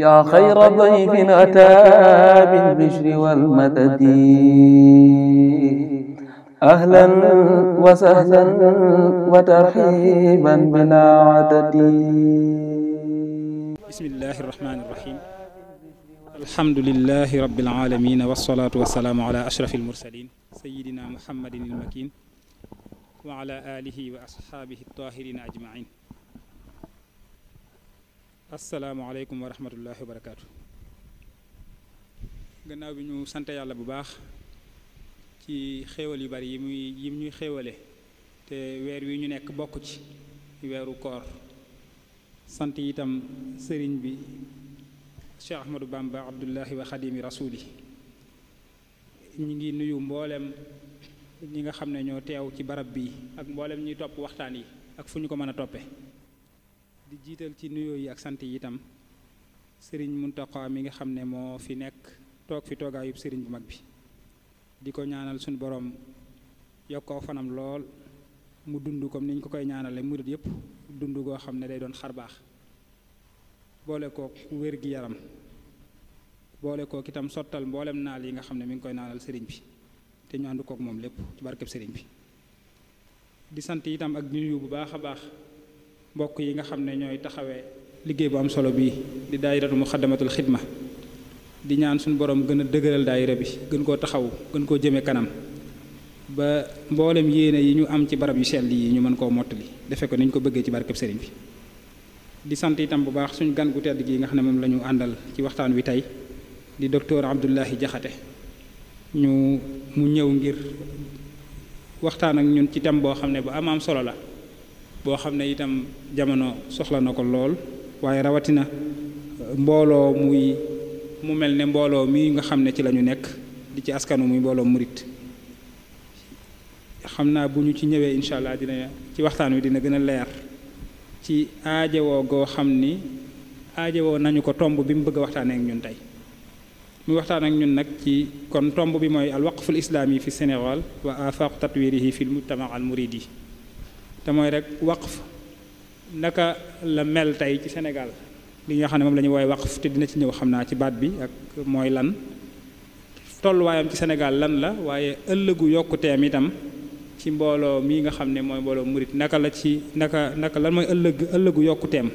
yaa xayra dayfin ataa bil bishri wal madadi ahlan wa sahlan wa tarxiiban bilaa adadi. bismillaahi rahmaani rahiim. alhamdulillaahi rabbil aalamiin wassalaatu wassalaamu alaa ashrafil mursaliin sayyidinaa Muhammadin il makiin wa alaa aalihi wa ashaabihi taahiriina ajmaiin asalaamaaleykum wa rahmatullahi wa barakaatu. gannaaw bi ñu sant yàlla bu baax ci xéewal yu bari yi muy yi ñuy xéewale te weer wi ñu nekk bokk ci weeru koor sant itam sëriñ bi Cheikh Ahmadou Bamba Abdullahi wa Xadimi Rasuli ñu ngi nuyu mboolem ñi nga xam ne ñoo teew ci barab bi ak mboolem ñuy topp waxtaan yi ak fu ñu ko mën a toppee. di jiital ci nuyoo yi ak sant yi itam sëriñ Muntaqa mi nga xam ne moo fi nekk toog fi toogaayub sëriñ bu mag bi di ko ñaanal suñu boroom yokkoo fanam lool mu dund comme niñ ko koy ñaanale murit yëpp dund goo xam ne day doon xar baax boole kook wér gi yaram boole kook itam sottal mboolem naal yi nga xam ne mu ngi koy naanal sëriñ bi te ñu ànd kook moom lépp ci barkeb sëriñ bi di sant itam ak nuyu bu baax a baax mbokk yi nga xam ne ñooy taxawee liggéey bu am solo bii di daayiratu muxaddamatul xidma di ñaan suñu borom gën a dëgëral daayira bi gën koo taxaw gën koo jëmee kanam ba mboolem yéene yi ñu am ci barab yu sell yi ñu mën koo mottali defe ko ni ñu ko bëggee ci barkeb sëriñ bi di sant itam bu baax suñu gan gu tedd gi nga xam ne moom la àndal ci waxtaan wi tey di docteur Abdoulahi Jaxate ñu mu ñëw ngir waxtaan ak ñun ci thème boo xam ne bu am solo la boo xam ne itam jamono soxla na ko lool waaye rawatina euh, mbooloo muy mu mel ne mbooloo mi nga xam ne ci lañu nekk di ci askanu muy mbooloo murit xam naa bu ñu ci ñëwee incha allah dina ci waxtaan wi dina gën a leer ci aajewoo goo xam ni aajewoo nañu ko tomb bi mu bëgg a waxtaanee ñun tey mu waxtaan ak ñun nag ci kon tomb bi mooy al waqful islaami fi Sénégal wa afaq tatwirihi fi l mujtama al muridi te mooy rek waqf naka la mel tey ci Sénégal li nga xam ne moom lañuy ñu wax waqf te dina ci ñëw xam naa ci baat bi ak mooy lan tolluwaayam ci Sénégal lan la waaye ëllëgu yokkuteem itam ci mbooloo mii nga xam ne mooy mbooloo murit naka la ci naka naka lan mooy ëllëg ëllëgu yokkuteem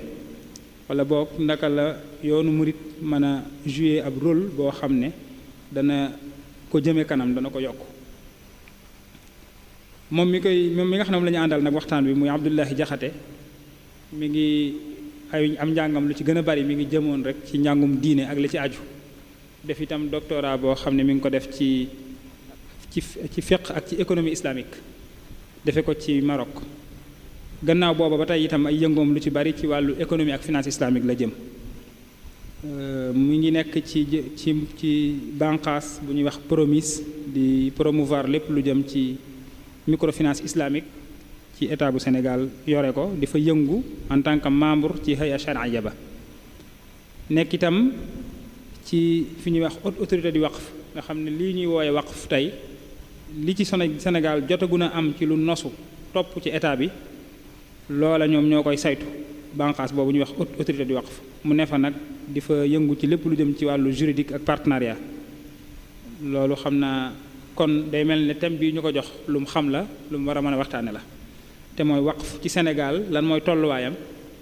wala boog naka la yoonu murit mën a jouer ab rôle boo xam ne dana ko jëme kanam dana ko yokk moom mi koy moom mi nga xam ne moom la ñu àndal nag waxtaan bi muy Abdullahi Jaxate mi ngi ay am njàngam lu ci gën a bari mi ngi jëmoon rek ci njàngum diine ak la ci aju def itam doctorat boo xam ne mi ngi ko def ci ci ci fiqh ak ci économie islamique defe ko ci Maroc gannaaw booba ba tey itam ay yëngoom lu ci bari ci wàllu économie ak finance islamique la jëm euh, mu ngi nekk ci ci ci banqaas bu ñuy wax promise di promouvoir lépp lu jëm ci microfinance islamique ci état bu Sénégal yore ko di fa yëngu en tant que membre ci haya shar'iyya ba nekk itam ci fi ñuy wax haute autorité di wax nga xam ne lii ñuy wooye waqf tey li ci Sénégal a am ci lu nosu topp ci état bi loola ñoom ñoo koy saytu banqaas boobu ñuy wax haute autorité di waqf mu ne fa nag di fa yëngu ci lépp lu jëm ci wàllu juridique ak partenariat loolu xam naa kon day mel ne thème bii ñu ko jox lu mu xam la lu mu war a mën a waxtaane la te mooy waqf ci Sénégal lan mooy tolluwaayam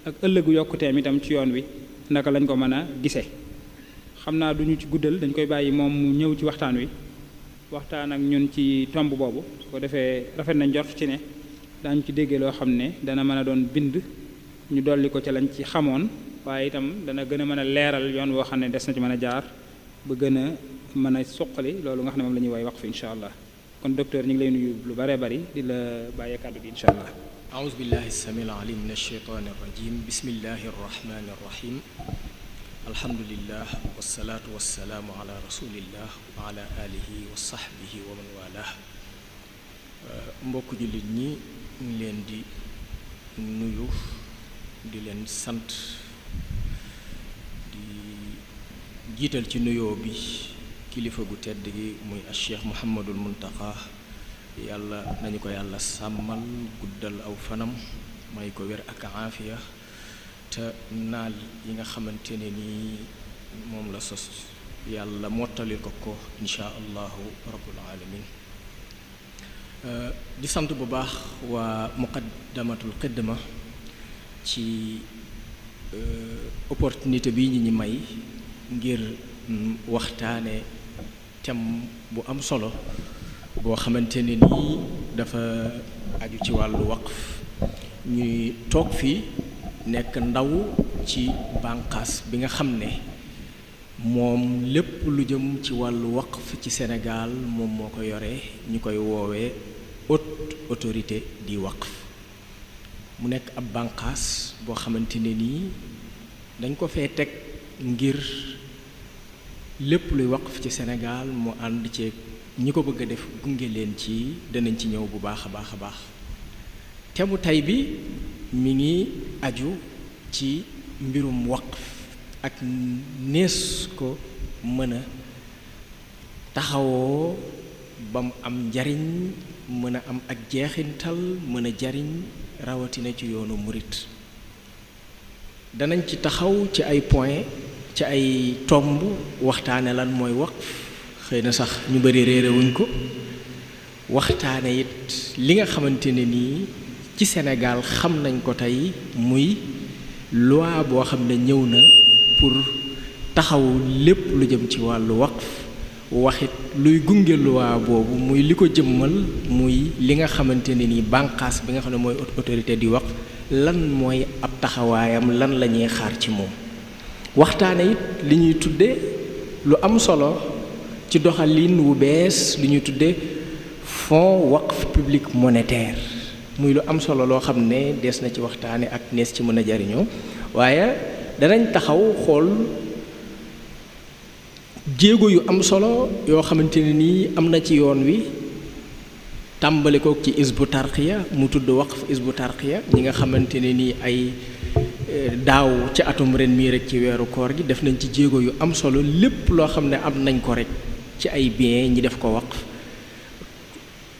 ak ëllëgu yokkuteem itam ci yoon wi naka lañ ko mën a gisee xam naa du ñu ci guddal dañ koy bàyyi moom mu ñëw ci waxtaan wi waxtaan ak ñun ci tomb boobu su defee rafet nañ jot ci ne daañu ci déggee loo xam ne dana mën a doon bind ñu dolli ko ci lañ ci xamoon waaye itam dana gën a mën a leeral yoon woo xam ne des na ci mën a jaar a mën a suqali loolu nga xam ne moom la ñuy woowee waqf incha allah kon docteur ñu ngi lay nuyu lu bare bari di la bàyyee kàddu gi incha allah aouzu billahi samil alim min alsheytan arrajim bismillahi arrahmani arrahim alhamdulillah wasalaatu wasalaamu ala rasulillah wa ala alihi wa sahbihi wa man walah mbokk jullit ñi ñu leen di nuyu di leen sant di jiital ci nuyoo bi kilifa gu tedd gi muy a cheikh Mouhamadul Muntaqa yàlla nañu ko yàlla sàmmal guddal aw fanam may ko wér ak aafiya te naal yi nga xamante ne nii moom la sos yàlla mottali ko ko insha allahu rabbul alamin euh, di sant bu baax waa muqaddamatul xidma ci euh, opportunité bi ñu ñi may ngir mm, waxtaane thème bu am solo boo xamante ne nii dafa aju ci wàllu waqf ñuy toog fii nekk ndaw ci bànqaas bi nga xam ne moom lépp lu jëm ci wàllu waqf ci senegaal moom moo ko yore ñu koy woowe haute autorité di waqf mu nekk ab bànqaas boo xamante ne nii dañ ko fee teg ngir lépp luy waqf ci senegaal mu ànd ci ñi ko bëgg a def gunge leen ci danañ ci ñëw bu baax a baax a baax te tey bi mi ngi aju ci mbirum waqf ak nees ko mën a taxawoo ba am njariñ mën a am ak jeexintal mën a jariñ rawatina ci yoonu murit danañ ci taxaw ci ay point ci ay tomb waxtaane lan mooy wax xëy na sax ñu bari réere wuñ ko waxtaane it li nga xamante ne nii ci Sénégal xam nañ ko tey muy loi boo xam ne ñëw na pour taxaw lépp lu jëm ci wàllu waqf waxit luy gunge luwaa boobu muy li ko jëmmal muy li nga xamante ni nii banqaas bi nga xam ne mooy autorité di wax lan mooy ab taxawaayam lan la ñuy xaar ci moom waxtaane it li ñuy tudde lu am solo ci doxalin wu bees li ñuy tudde fonds waqf public monétaire muy lu am solo loo xam ne des na ci waxtaane ak nees ci mën a jariñoo waaye danañ taxaw xool jéego yu am solo yoo xamante ne nii am na ci yoon wi tàmbali ko ci isbu ya mu tudd bu isbu ya ñi nga xamante ne nii ay daaw ci atum ren mii rek ci weeru koor gi def nañ ci jéego yu am solo lépp loo xam ne am nañ ko rek ci ay bien ñi def ko waqf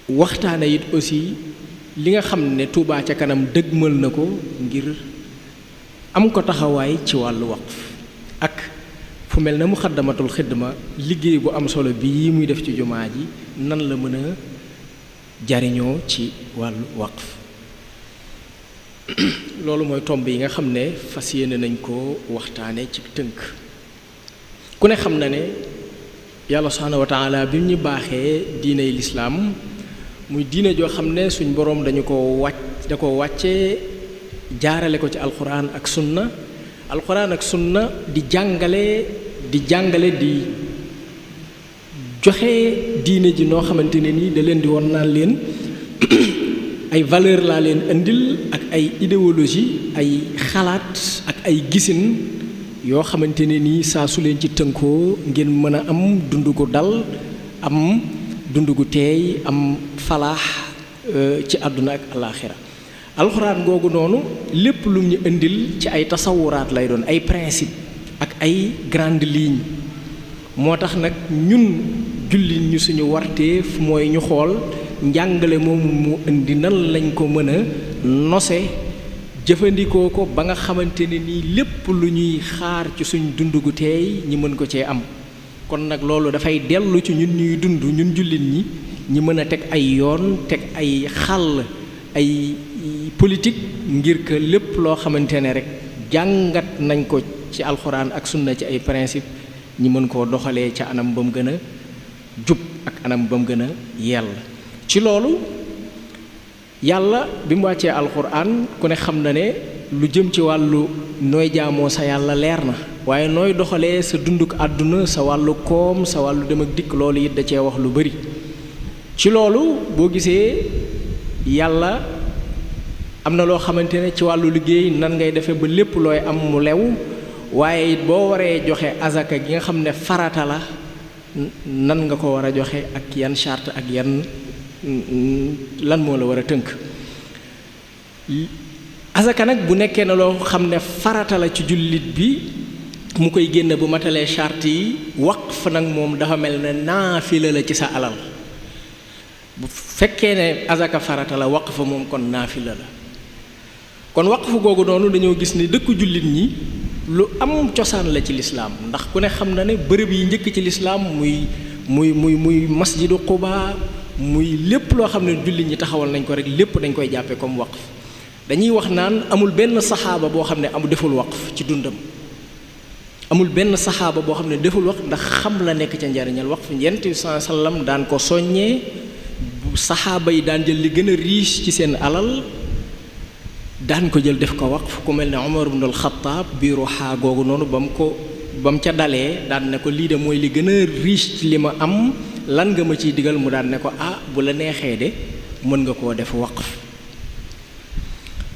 waxtaane it aussi li nga xam ne Touba ca kanam mël na ko ngir am ko taxawaay ci wàllu waqf ak fu mel na mu xaddamatul xidma liggéey bu am solo bi bii muy def ci jumaa ji nan la mën a jariñoo ci wàll waqf loolu mooy tomb yi nga xam ne fas yéene nañ ko waxtaane ci tënk ku ne xam na ne yàlla subhaanahu wa taala bi ñu baaxee diiney lislaam muy diine joo xam ne suñ boroom dañu ko wàcc da ko wàcce jaarale ko ci alxuraan ak sunna alxuraan ak sunna di jàngale di jàngale di joxe diine ji noo xamante ne nii da leen di won naan leen ay valeur laa leen indil ak ay idéologie ay xalaat ak ay gisin yoo xamante ne nii saa su leen ci tënkoo ngeen mën a am dundu gu dal am dundu gu teey am falaax euh, ci àdduna ak alxuraan googu noonu lépp lu ñu indil ci ay tasawuraat lay doon ay principe ak ay grande ligne moo tax nag ñun jullit ñu suñu warteef mooy ñu xool njàngale moomu mu indi nan lañ ko mën a nose jëfandikoo ko ba nga xamante ne nii lépp lu ñuy xaar ci suñ dund gu teey ñi mën ko cee am kon nag loolu dafay dellu ci ñun ñuy dund ñun jullit ñi ñi mën a teg ay yoon teg ay xàll ay politique ngir que lépp loo xamante ne rek jàngat nañ ko ci alxuraan ak sunna ci ay principe ñi mën koo doxalee ca anam ba mu gën a jub ak anam ba mu gën a yell ci loolu yàlla bi mu wàccee alxuraan ku ne xam na ne lu jëm ci wàllu nooy jaamoo sa yàlla leer na waaye nooy doxalee sa dunduk àdduna sa wàllu koom sa wàllu dem ak dikk loolu it da cee wax lu bari ci loolu boo gisee yàlla am na loo xamante ne ci wàllu liggéey nan ngay defee ba lépp looy am mu lew waaye it boo waree joxe azaka gi nga xam ne farata la nan nga ko war a joxe ak yan charte ak yan lan moo la war a tënk asaka nag bu nekkee ne loo xam ne farata la ci jullit bi mu koy génne bu matalee charte yi wax fa nag moom dafa mel ne naafila la ci sa alal bu fekkee ne asaka faratala la fa moom kon naafila la kon fa googu doonu dañoo gis ni dëkku jullit ñi lu am cosaan la ci lislaam ndax ku ne xam na ne bërëb yi njëkk ci lislaam muy muy muy muy masjidu Quba muy lépp loo xam ne julli ñi taxawal nañ ko rek lépp dañ koy jàppe comme waqf dañuy wax naan amul benn saxaaba boo xam ne amu deful waqf ci dundam amul benn saxaaba boo xam ne deful wax ndax xam la nekk ca njariñal wax yonent bi sallallahu alayhi wasallam daan ko soññee saxaaba yi daan jël li gën a riche ci seen alal daan ko jël def ko waqf ku mel ne Umar ibn al-Khattab biiru xaa googu noonu bam ko ba ca dalee daan ne ko lii de mooy li gën a riche ci li ma am lan nga ma ciy digal mu daan ne ko ah bu la neexee de mën nga koo def waqf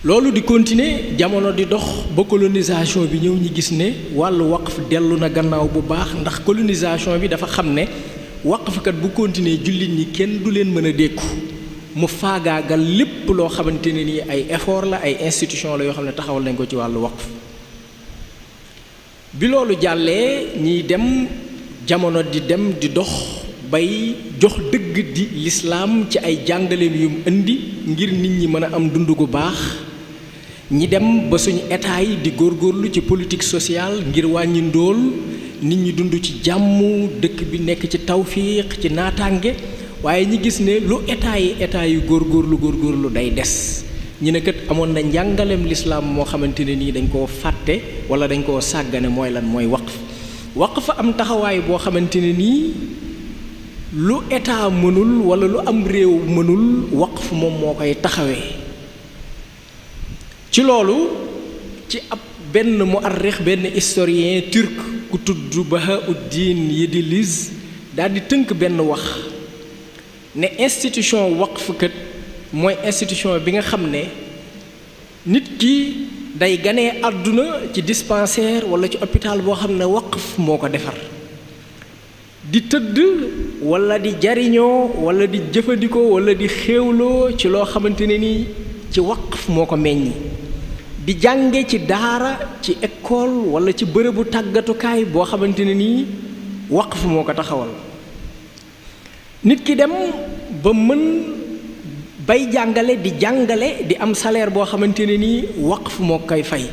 loolu di continuer jamono di dox ba colonisation bi ñëw ñi gis ne wàllu waqf dellu na gannaaw bu baax ndax colonisation bi dafa xam ne waqfkat bu continuer jullit ñi kenn du leen mën a dékku mu faagaagal lépp loo xamante ne nii ay effort la ay institution la yoo xam ne taxawal nañ ko ci wàllu waqf bi loolu jàllee ñiy dem jamono di dem di dox bay jox dëgg di lislaam ci ay jàngaleem yum indi ngir nit ñi mën a am dund gu baax ñi dem ba suñu état yi di góorlu ci politique sociale ngir wàññi ndóol nit ñi dund ci jàmm dëkk bi nekk ci tawfiix ci naataange waaye ñi gis ne lu état yi état yu góor góorgóorlu day des ñu ne kat amoon na njàngaleem lislaam moo xamante ne nii dañ koo fàtte wala dañ koo sàggane mooy lan mooy waqf waqf am taxawaay boo xamante nii lu état mënul wala lu am réew mënul waqf moom moo koy taxawee ci loolu ci ab benn mu muarrix benn historien turc ku tudd Bahauddin Yediliz daal di tënk benn wax ne institution waqf kat mooy institution bi nga xam ne nit ki day gane àdduna ci dispensaire wala ci hôpital boo xam ne waqf moo ko defar di tëdd wala di jariñoo wala di jëfandikoo wala di xéewloo ci loo xamante ne nii ci waqf moo ko meññi di jànge ci daara ci école wala ci bërëbu tàggatukaay boo xamante ne nii waqf moo ko taxawal nit ki dem ba mën bay jàngale di jàngale di am saleer boo xamante ne nii wax fu moo koy fay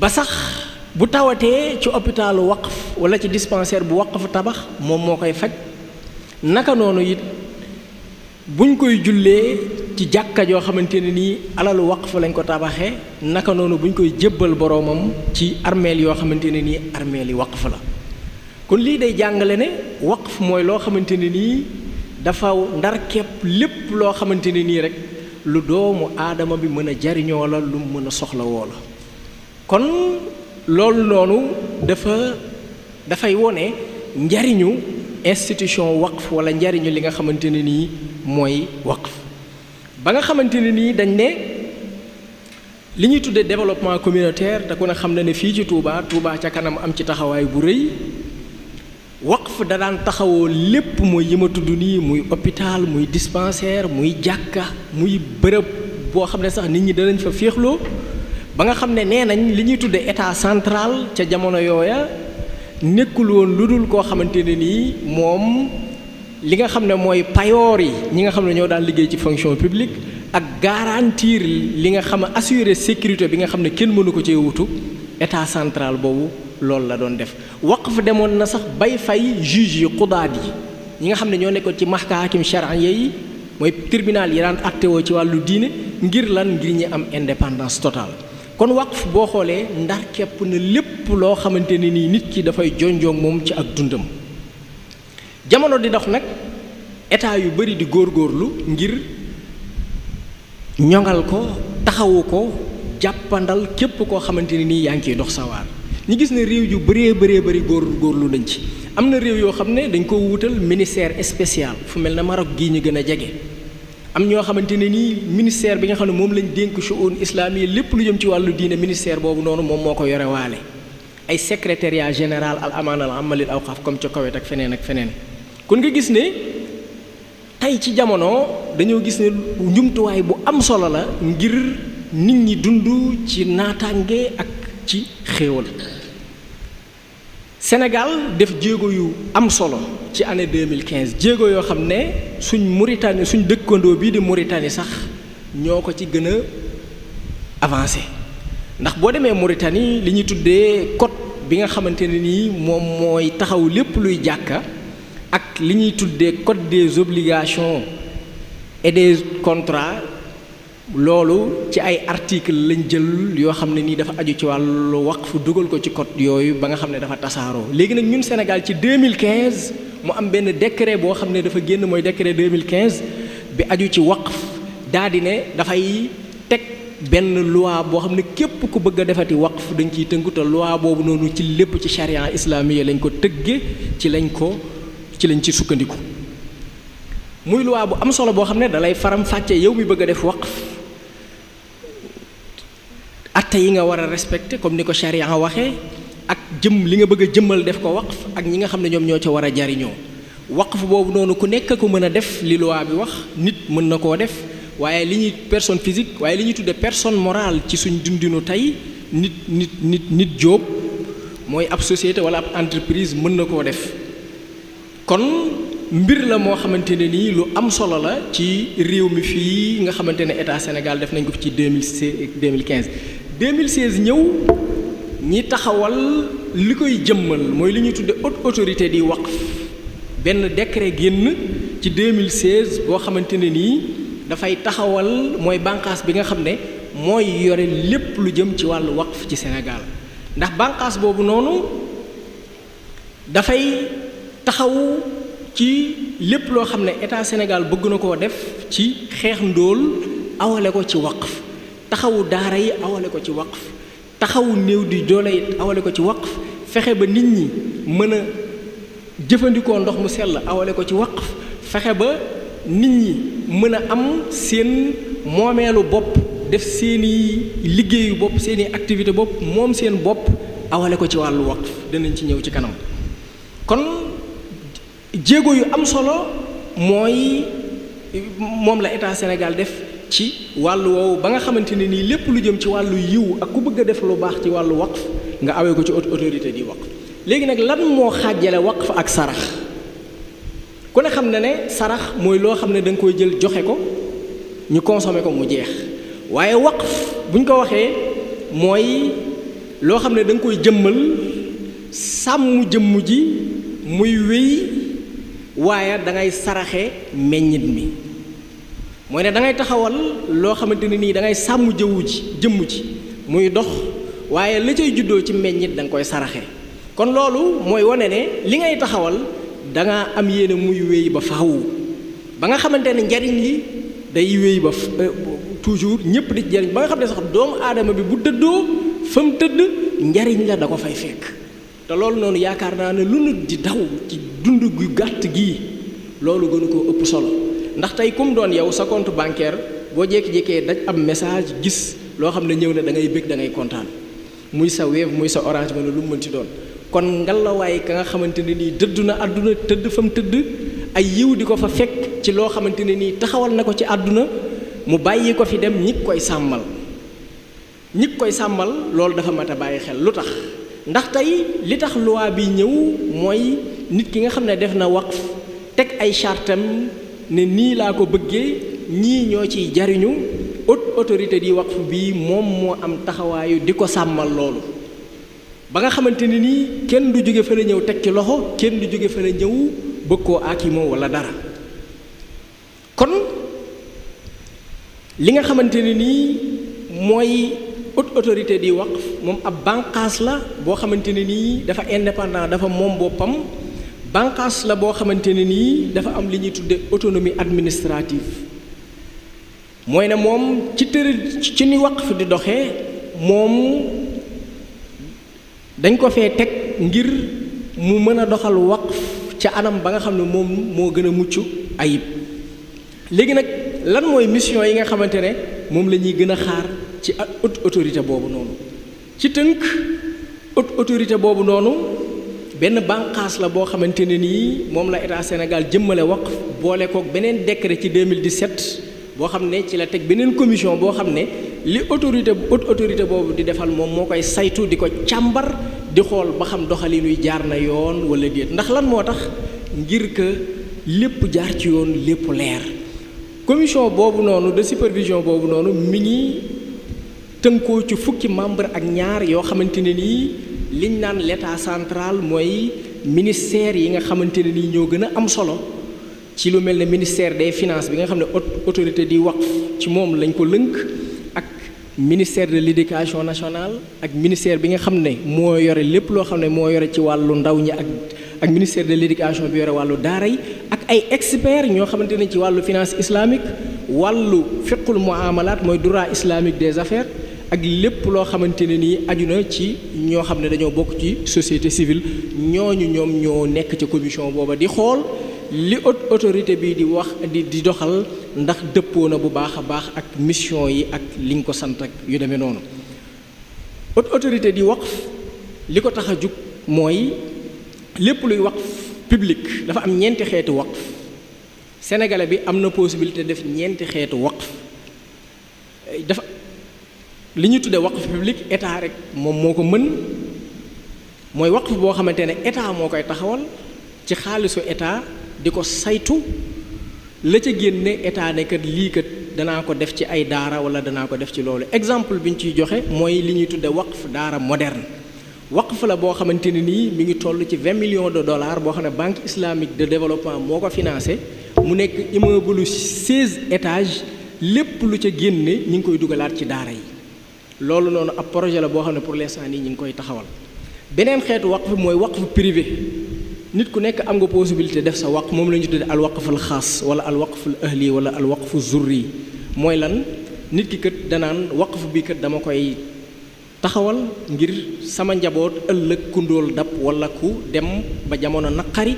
ba sax bu tawatee ci hôpitalu waqf wala ci dispensaire bu waqfu tabax moom moo koy faj naka noonu it buñ koy jullee ci jàkka joo xamante ne nii alalu waqf lañ ko tabaxee naka noonu buñ koy jëbbal boroomam ci armeel yoo xamante ne nii armeeli waqf la kon lii day jàngale ne waqf mooy loo xamante ne nii dafa ndar képp lépp loo xamante ne nii rek lu doomu aadama bi mën a jariñoo la lu mën a soxlawoo la loolu noonu dafa dafay wone njariñu institution waqf wala njariñu li nga xamante ne nii mooy waqf ba nga xamante ne nii dañ ne li ñuy tuddee développement communautaire te ku ne xam na ne fii ci Touba Touba ca kanam am ci taxawaay bu rëy waqf da daan taxawoo lépp mooy yi ma tudd nii muy hôpital muy dispensaire muy jàkka muy bërëb boo xam ne sax nit ñi danañ fa féexloo ba nga xam ne nee nañ li ñuy tudde état central ca jamono yooya nekkul woon lu dul koo xamante ne nii moom li nga xam ne mooy payoor yi ñi nga xam ne ñoo daan liggéey ci fonction publique ak garantir li nga xam assurer sécurité bi nga xam ne kenn mënu ko cee wutu état central boobu loolu la doon def waqf demoon na sax bay fay juge yi xudaat yi ñi nga xam ne ñoo nekkoon ci mahka hakim charia yi mooy tribunal yi daan attewoo ci wàllu diine ngir lan ngir ñi am indépendance totale kon waqf boo xoolee ndar kepp na lépp loo xamante ne nii nit ki dafay jonjoog moom ci ak dundam jamono di dox nag état yu bari di góor góorlu ngir ñoŋal ko taxawu ko jàppandal képp koo xamante ni nii yaa ngi koy dox sawaar ñu gis ne réew yu bëree bëree bari góor góorlu nañ ci am na réew yoo xam ne dañ ko wuutal ministère spécial fu mel ne Maroc gii ñu gën a jege am ñoo xamante ne nii ministère bi nga xam ne moom lañ dénk shu'un islamiya lépp lu jëm ci wàllu diine ministère boobu noonu moom moo ko yore waale ay secrétariat général al amaan al amalil awqaf comme ca Koweït ak feneen ak feneen kon nga gis ne tey ci jamono dañoo gis ne njumtuwaay bu am solo la ngir nit ñi dund ci naataange ak ci xéewal Sénégal def jéego yu am solo ci année 2015 jéego yoo xam ne suñ Mauritanie suñ dëkkandoo bii di Mauritanie sax ñoo ko ci gën a avancé ndax boo demee Mauritanie li ñuy tuddee code bi nga xamante ne nii moom mooy taxaw lépp luy jàkka ak li ñuy tuddee code des obligations et des contrats loolu ci ay article lañ jël yoo xam ne nii dafa aju ci wàllu waqfu dugal ko ci code yooyu ba nga xam ne dafa tasaaroo léegi nag ñun Sénégal ci 2015 mu am benn décret boo xam ne dafa génn mooy décret 2015 bi aju ci waqf daa di ne dafay teg benn loi boo xam ne képp ku bëgg a defati waqf dañ ciy tënku te loi boobu noonu ci lépp ci charia islamiya lañ ko tëgge ci lañ ko ci lañ ci sukkandiku muy loi bu am solo boo xam ne dalay faram fàcce yow mi bëgg a def waqf atte yi nga war a respecté comme ni ko charia waxee ak jëm li nga bëgg a jëmmal def ko wax ak ñi nga xam ne ñoom ñoo ca war a jariñoo waqf boobu noonu ku nekk ko mën a def li loi bi wax nit mën na koo def waaye li ñuy personne physique waaye li ñuy tuddee personne morale ci suñ dundinu tey nit nit nit nit jóob mooy ab société wala ab entreprise mën na koo def kon mbir la moo xamante ne nii lu am solo la ci réew mi fii nga xamante ne état Sénégal def nañ ko fi ci deux mille seize deux quinze mille seize ñëw. ñi taxawal li koy jëmmal mooy li ñuy tudde haute autorité di waqf benn décret génn ci 2016 boo xamante ne nii dafay taxawal mooy banqaas bi nga xam ne mooy yore lépp lu jëm ci wàllu waqf ci senegal ndax bànqaas boobu noonu dafay taxaw ci lépp loo xam ne état Sénégal bëgg na koo def ci xeex ndóol awale ko ci waqf taxawu daara yi awale ko ci waqf taxawu néew di joole it awale ko ci waqf fexe ba nit ñi mën a jëfandikoo ndox mu sell awale ko ci waqf fexe ba nit ñi mën a am seen moomeelu bopp def seeni liggéeyu bopp seeni activité bopp moom seen bopp awale ko ci wàllu waqf danañ ci ñëw ci kanam kon jéego yu am solo mooy moom la état Sénégal def ci wàllu woowu ba nga xamante ne nii lépp lu jëm ci wàllu yiw ak ku bëgg a def lu baax ci wàllu waqf nga awee ko ci autorité di waqf léegi nag lan moo xaajale waqf ak sarax ku ne xam ne ne sarax mooy loo xam ne danga koy jël joxe ko ñu consommer ko mu jeex waaye waqf buñ ko waxee mooy loo xam ne danga nga koy jëmmal sàmm jëmm ji muy wéy waaye da ngay saraxe meññit mi mooy ne da ngay taxawal loo xamante ne nii da ngay sàmm jëwu ci jëmm ci muy dox waaye la cay juddoo ci meññit da nga koy saraxe kon loolu mooy wane ne li ngay taxawal da nga am yéene muy wéy ba faaw ba nga xamante ne njariñ li day wéy ba euh, toujours ñëpp di jariñ ba nga xam ne sax doomu aadama bi bu dëddoo fa mu tëdd njariñ la da ko fay fekk te loolu noonu yaakaar naa ne lu nit di daw ci dund gu gàtt gii loolu gënu koo ëpp solo ndax tey kum doon yow sa compte bancaire boo jékki-jékkee daj ab message gis loo xam ne ñëw na da ngay bëgg da kontaan muy sa Wave muy sa Orange Money lu mu mën ci doon kon ngalawaay ka nga xamante ne nii dëdd na àdduna tëdd fa mu tëdd ay yiw di ko fa fekk ci loo xamante ne nii taxawal na ko ci àdduna mu bàyyi ko fi dem ñi koy sàmmal ñi koy sàmmal loolu dafa mat a bàyyi xel lu tax ndax tey li tax loi bi ñëw mooy nit ki nga xam ne def na waqf teg ay chartam ne nii laa ko bëggee nii ñoo ciy jariñu haute autorité di waqf bii moom moo am taxawaayu di ko sàmmal loolu ba nga xamante ne nii kenn du jóge fële ñëw teg ci loxo kenn du jóge fële ñëw bëgg koo aakimoo wala dara kon li nga xamante ne nii mooy haute autorité di waqf moom ab banqaas la boo xamante ne nii dafa indépendant dafa moom boppam banqaas la boo xamante ne nii dafa am li ñuy tudde autonomie administrative mooy ne moom ci tëral ci ni waqf di doxee moom dañ ko fee teg ngir mu mën a doxal waqf ca anam ba nga xam ne moom moo gën a mucc ayib léegi nag lan mooy mission yi nga xamante ne moom la ñuy gën a xaar ci autorité boobu noonu ci tënk autorité boobu noonu benn bànqaas la boo xamante ne nii moom la état Sénégal jëmmale wax boole kook beneen décret ci 2017 boo xam ne ci la teg beneen commission boo xam ne li autorité haute autorité boobu di defal moom moo koy saytu di ko càmbar di xool ba xam doxalin wi jaar na yoon wala déet ndax lan moo tax ngir que lépp jaar ci yoon lépp leer commission boobu noonu de supervision boobu noonu mi ngi tënkoo ci fukki membre ak ñaar yoo xamante ne nii. liñ naan l'état centrale mooy ministère yi nga xamante ne nii ñoo gën a am solo ci lu mel ne ministère de finance bi nga xam ne autorité di wax ci moom lañ ko lënk ak ministère de l'éducation nationale ak ministère bi nga xam ne moo yore lépp loo xam ne moo yore ci wàllu ndaw ñi ak ak ministère de l'éducation bi yore wàllu daara yi ak ay experts ñoo xamante ne ci wàllu finance islamique wàllu fiqul muamalat mooy droit islamique des affaires ak lépp loo xamante ne nii aju ci ñoo xam ne dañoo bokk ci société civile ñooñu ñoom ñoo nekk ca commission booba di xool li autorité bi di wax di di doxal ndax dëppoo na bu baax a baax ak mission yi ak li nga ko sant ak yu demee noonu ot autorité di wax li ko tax a jug mooy lépp luy wax public dafa am ñeenti xeetu waqf sénégalais bi am na possibilité def ñeenti xeetu waqf dafa li ñu tuddee waqf public état rek moom moo ko mën mooy waqf boo xamante ne état moo koy taxawal ci xaalisu état di ko saytu la ca génne état ne kat lii kat danaa ko def ci ay daara wala danaa ko def ci loolu exemple bi ñu ciy joxe mooy li ñuy tuddee waqf daara moderne waqf la boo xamante ne nii mi ngi toll ci million de dollars boo xam ne banque islamique de développement moo ko financé mu nekk immeuble seize étages lépp lu ca génne ñu ngi koy dugalaat ci daara yi. loolu noonu ab projet la boo xam ne pour l'instant nii ñu ngi koy taxawal beneen xeetu wax mooy waqf privé nit ku nekk am nga posibilité def sa waqf moom la ñu tuddee al waqful xaas wala al waqful ahli wala al waqfu zurri mooy lan nit ki kat danaan fu bi kat dama koy taxawal ngir sama njaboot ëllëg ku ndóol dab wala ku dem ba jamono naqari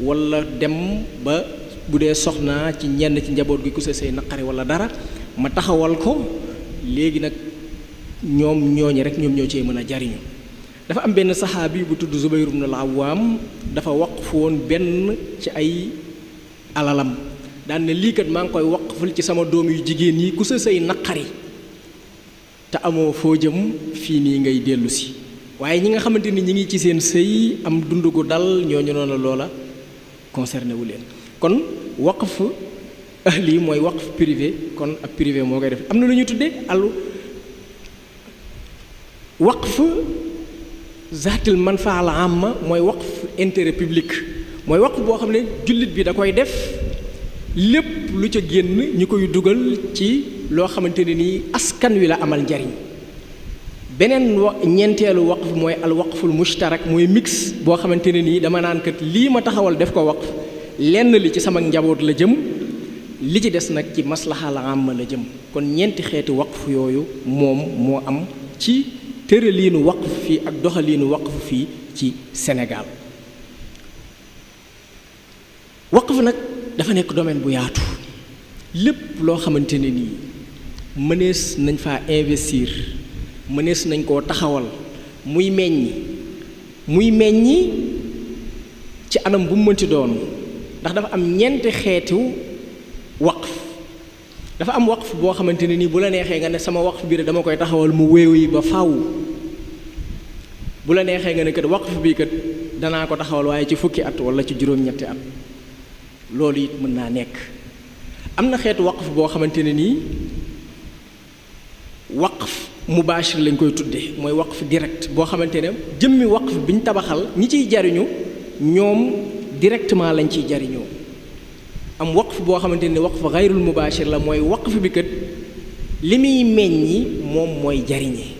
wala dem ba bu dee soxna ci ñenn ci njaboot gi ku sa say naqari wala dara ma taxawal ko léegi nag. ñoom ñooñu rek ñoom ñoo cee mën a jariñu dafa am benn saxaabi bu tudd Zubayr na al-Awwam dafa fu woon benn ci ay alalam daan ne lii kat maa ngi koy ful ci sama doom yu jigéen yi ku sa say naqari te amoo foo jëm fii nii ngay dellu si waaye ñi nga xamante ni ñi ngi ci seen sëy am dund gu dal ñooñu noonu loola concerné wu leen kon waqf lii mooy waqf privé kon ab privé moo koy def am na lu ñu tuddee allu waqf zaatil manfaa al amma mooy waqf intérêt public mooy waqf boo xam ne jullit bi da koy def lépp lu ca génn ñu koy dugal ci loo xamante ni nii askan wi la amal njariñ beneen wa ñeenteelu waqf mooy al waqful mushtarak mooy mix boo xamante ne nii dama naan kat lii ma taxawal def ko wax lenn li ci sama njaboot la jëm li ci des nag ci maslaha la amma la jëm kon ñeenti xeeti waqf yooyu moom moo am ci tëraliinu waqf fii ak doxaliinu waqf fii ci senegaal Sénégal waqf nag dafa nekk domaine bu yaatu lépp loo xamante ne nii mënees nañ faa investir mënees nañ koo taxawal muy meññi muy meññi ci anam bu mu mënti doon ndax dafa am ñeenti xeetu waqf dafa am waqf boo xamante ne nii bu la neexee nga ne sama waqf bi de dama koy taxawal mu wéew yi ba faaw bu la neexee nga ne kat waqf bi kat danaa ko taxawal waaye ci fukki at wala ci juróom-ñetti at loolu it mën naa nekk am na xeetu waqf boo xamante ne nii waqf mubashir lañ koy tuddee mooy waqf direct boo xamante ne jëmmi waqf bi ñu tabaxal ñi ciy jariñu ñoom directement lañ ciy jariñoo am fu boo xamante ni waqf xayrul mubashir la mooy waqf bi kat li muy meññi moom mooy jariñe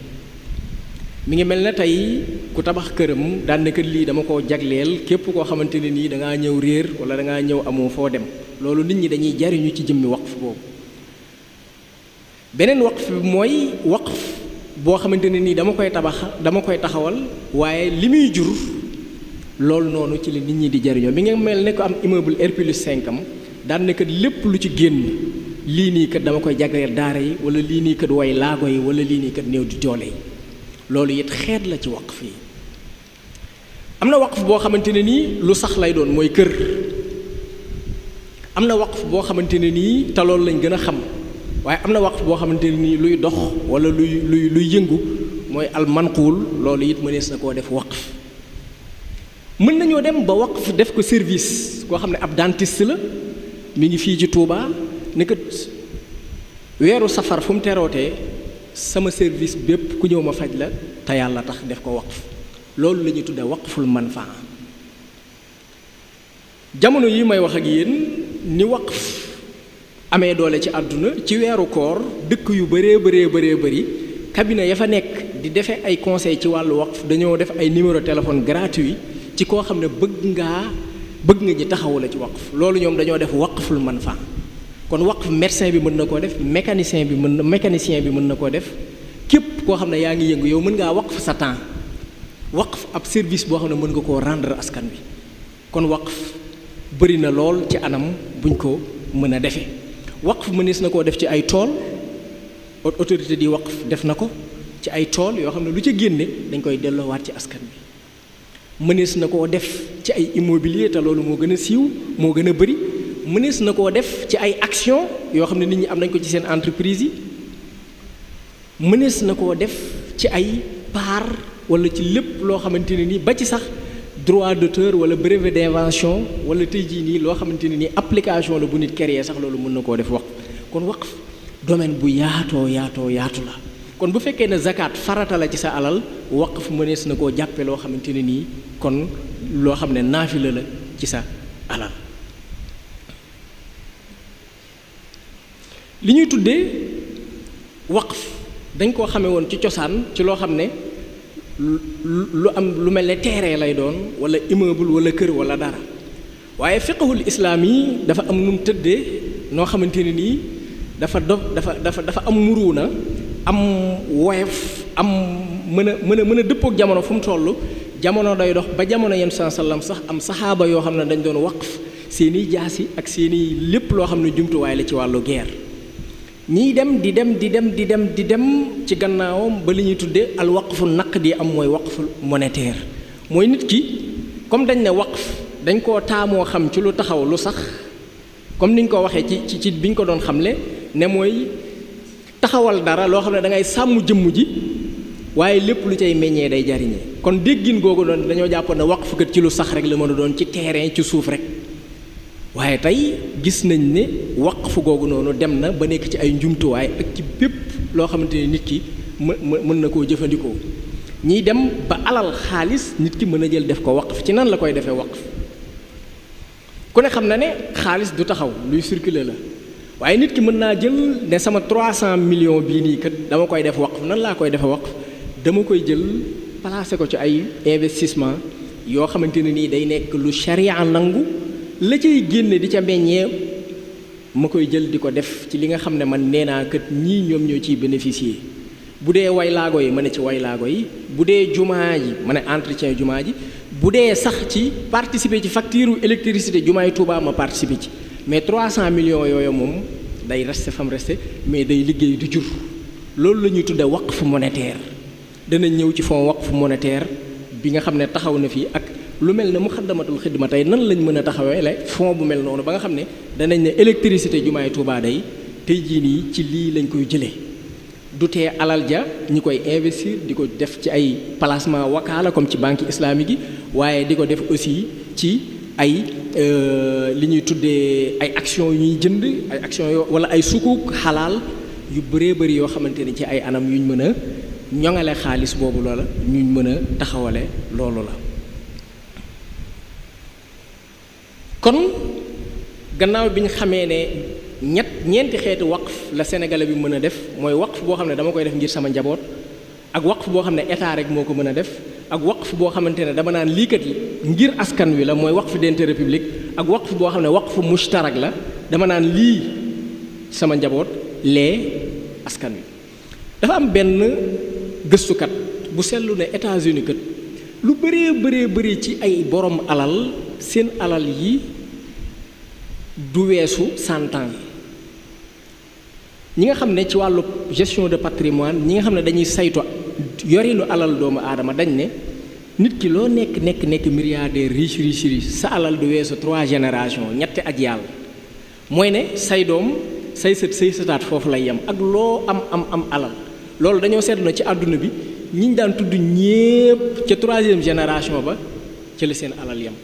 mi ngi mel ne tey ku tabax këram daan na lii dama ko jagleel képp koo xamante ne nii da ñëw réer wala da ñëw amoo foo dem loolu nit ñi dañuy jariñu ci jëmmi waqf boobu beneen waqf bi xamante ne nii dama koy tabax dama koy taxawal waaye li muy jur loolu noonu ci la nit ñi di jariñoo mi ngi mel ne ko am immeuble R plus am daan ne lépp lu ci génn lii nii kat dama koy jagleel daara yi wala lii nii kat way laago yi wala lii nii kat néew di doole yi loolu it xeet la ci waqf fii am na waqf boo xamante ne nii lu sax lay doon mooy kër am na waqf boo xamante ne nii te loolu lañ gën a xam waaye am na waqf boo xamante ne nii luy dox wala luy luy luy yëngu mooy almanquul loolu it mënees na koo def waqf mën nañoo dem ba waqf def ko service koo xam ne ab dentiste la mi ngi fii ci Touba ne weeru safar fu mu terootee sama service bépp ku ñëw ma faj la te yàlla tax def ko waqf loolu la ñuy ful man manfaa jamono yi may wax ak yéen ni waqf amee doole ci àdduna ci weeru koor dëkk yu bëree bëree bëree bëri cabinet ya fa nekk di defee ay conseil ci wàllu waqf dañoo def ay numéro téléphone gratuit ci koo xam ne bëgg ngaa bëgg nga ñi taxawu la ci waqf loolu ñoom dañoo def waqful man fa kon waqf médecin bi mën na koo def mécanicien bi mën na mécanicien bi mën na koo def képp koo xam ne yaa ngi yëng yow mën ngaa waqf sa temps waqf ab service boo xam ne mën nga koo rendre askan bi kon waqf bëri na lool ci anam buñ ko mën a defee waqf mënees na koo def ci ay tool autorité di waqf def na ko ci ay tool yoo xam ne lu ci génne dañ koy delloowaat ci askan bi mënees na koo def ci ay immobilier te loolu moo gën a siiw moo gën a bëri mënees na koo def ci ay action yoo xam ne nit ñi am nañ ko ci seen entreprise yi mënees na koo def ci ay part wala ci lépp loo xamante ni nii ba ci sax droit d'auteur wala brevet d'invention wala tey jii nii loo xamante ni nii application la bu nit créer sax loolu mën na koo def waqf kon waqf domaine bu yaatoo yaatoo yaatu la kon bu fekkee ne zakat farata la ci sa alal waqf mënees na koo jàppee loo xamante ne nii kon loo xam ne naafila la ci sa alal li ñuy tuddee waqf dañ koo xamee woon ci cosaan ci loo xam ne lu am lu mel ne terrain lay doon wala immeuble wala kër wala dara waaye fiqhul islaam yi dafa am nu mu tëddee noo xamante ne nii dafa do dafa dafa dafa am na am woyef am mën a mën a mën a dëppook jamono fu mu toll jamono day dox ba jamono yem sa sallam sax am saxaaba yoo xam ne dañu doon waqf seeni jaasi ak seeni lépp loo xam ne jumtuwaay la ci wàllu guerre ñiy dem di dem di dem di dem di dem ci gannaawam ba li ñuy tuddee al waqfu naq di am mooy waqfu monétaire mooy nit ki comme dañ ne waqf dañ koo taamoo xam ci lu taxaw lu sax comme niñ ko waxee ci ci ci biñ ko doon xamle ne mooy taxawal dara loo xam ne da ngay sàmm jëmm ji waaye lépp lu cay meññee day jariñe kon déggin googu doon dañoo jàppoon ne waqf kat ci lu sax rek la mën a doon ci terrain ci suuf rek waaye tey gis nañ ne waqfu googu noonu dem na ba nekk ci ay njumtuwaay ak ci bépp loo xamante ne nit ki më mën na koo jëfandikoo ñiy dem ba alal xaalis nit ki mën a jël def ko waqf ci nan la koy defee waqf ku ne xam na ne xaalis du taxaw luy circuler la waaye nit ki mën naa jël ne sama 300 millions bii nii kat dama koy def waqf nan laa koy defe waqf dama koy jël placé ko ci ay investissement yoo xamante ne nii day nekk lu charia nangu la cay génne di ca meññee ma koy jël di ko def ci li nga xam ne man nee naa kat ñii ñoom ñoo ciy bénéficier bu dee waylaago yi ma ne ci waylaago yi bu dee jumaa yi ma ne entretien jumaa ji bu dee sax ci participer ci facture électricité yi Touba ma participer ci mais 300 millions yooyu moom day resté fam resté mais day liggéey di jur loolu la ñuy tudde waqfu monétaire danañ ñëw ci fonds waqfu monétaire bi nga xam ne taxaw na fii ak lu mel ne muxaddamatul xidma tey nan lañ mën a taxawee la fonds bu mel noonu ba nga xam ne danañ ne électricité jumaay Tuubaa day tey jii nii ci lii lañ koy jëlee du tee alal ja ñi koy investir di ko def ci ay placement wakaala comme ci banque islamique yi waaye di ko def aussi ci ay Euh, li ñuy tuddee ay actions yu ñuy jënd ay actions yoo wala ay sukuk xalaal yu bëree bëri yoo xamante ni ci ay anam yuñ mën a ñoŋale xaalis boobu loola ñuñ mën a taxawale loolu la kon gannaaw bi ñu xamee ne ñett ñeenti xeetu waqf la sénégalais bi mën a def mooy waqf boo xam ne dama koy def ngir sama njaboot ak waqf boo xam ne état rek moo ko mën a def ak waqf boo xamante ne dama naan liikat yi ngir askan wi la mooy waqf d'intérêt public ak waqf boo xam ne fu mushtarak la dama naan lii sama njaboot lee askan wi dafa am benn gëstukat bu seetlu ne États-Unis kat lu bëree bëree bëri ci ay borom alal seen alal yi du weesu santan ñi nga xam ne ci wàllu gestion de patrimoine ñi nga xam ne dañuy saytu yorinu alal doomu aadama dañ ne nit ki loo nekk nekk nekk milliardaire riche riche riche sa alal du weesu trois générations ñetti ak yàlla mooy ne say doom say sët say sëtaat foofu lay yem ak loo am am am alal loolu dañoo seetlu na ci àdduna bi ñi daan tudd ñépp ca troisième génération ba ci la seen alal yem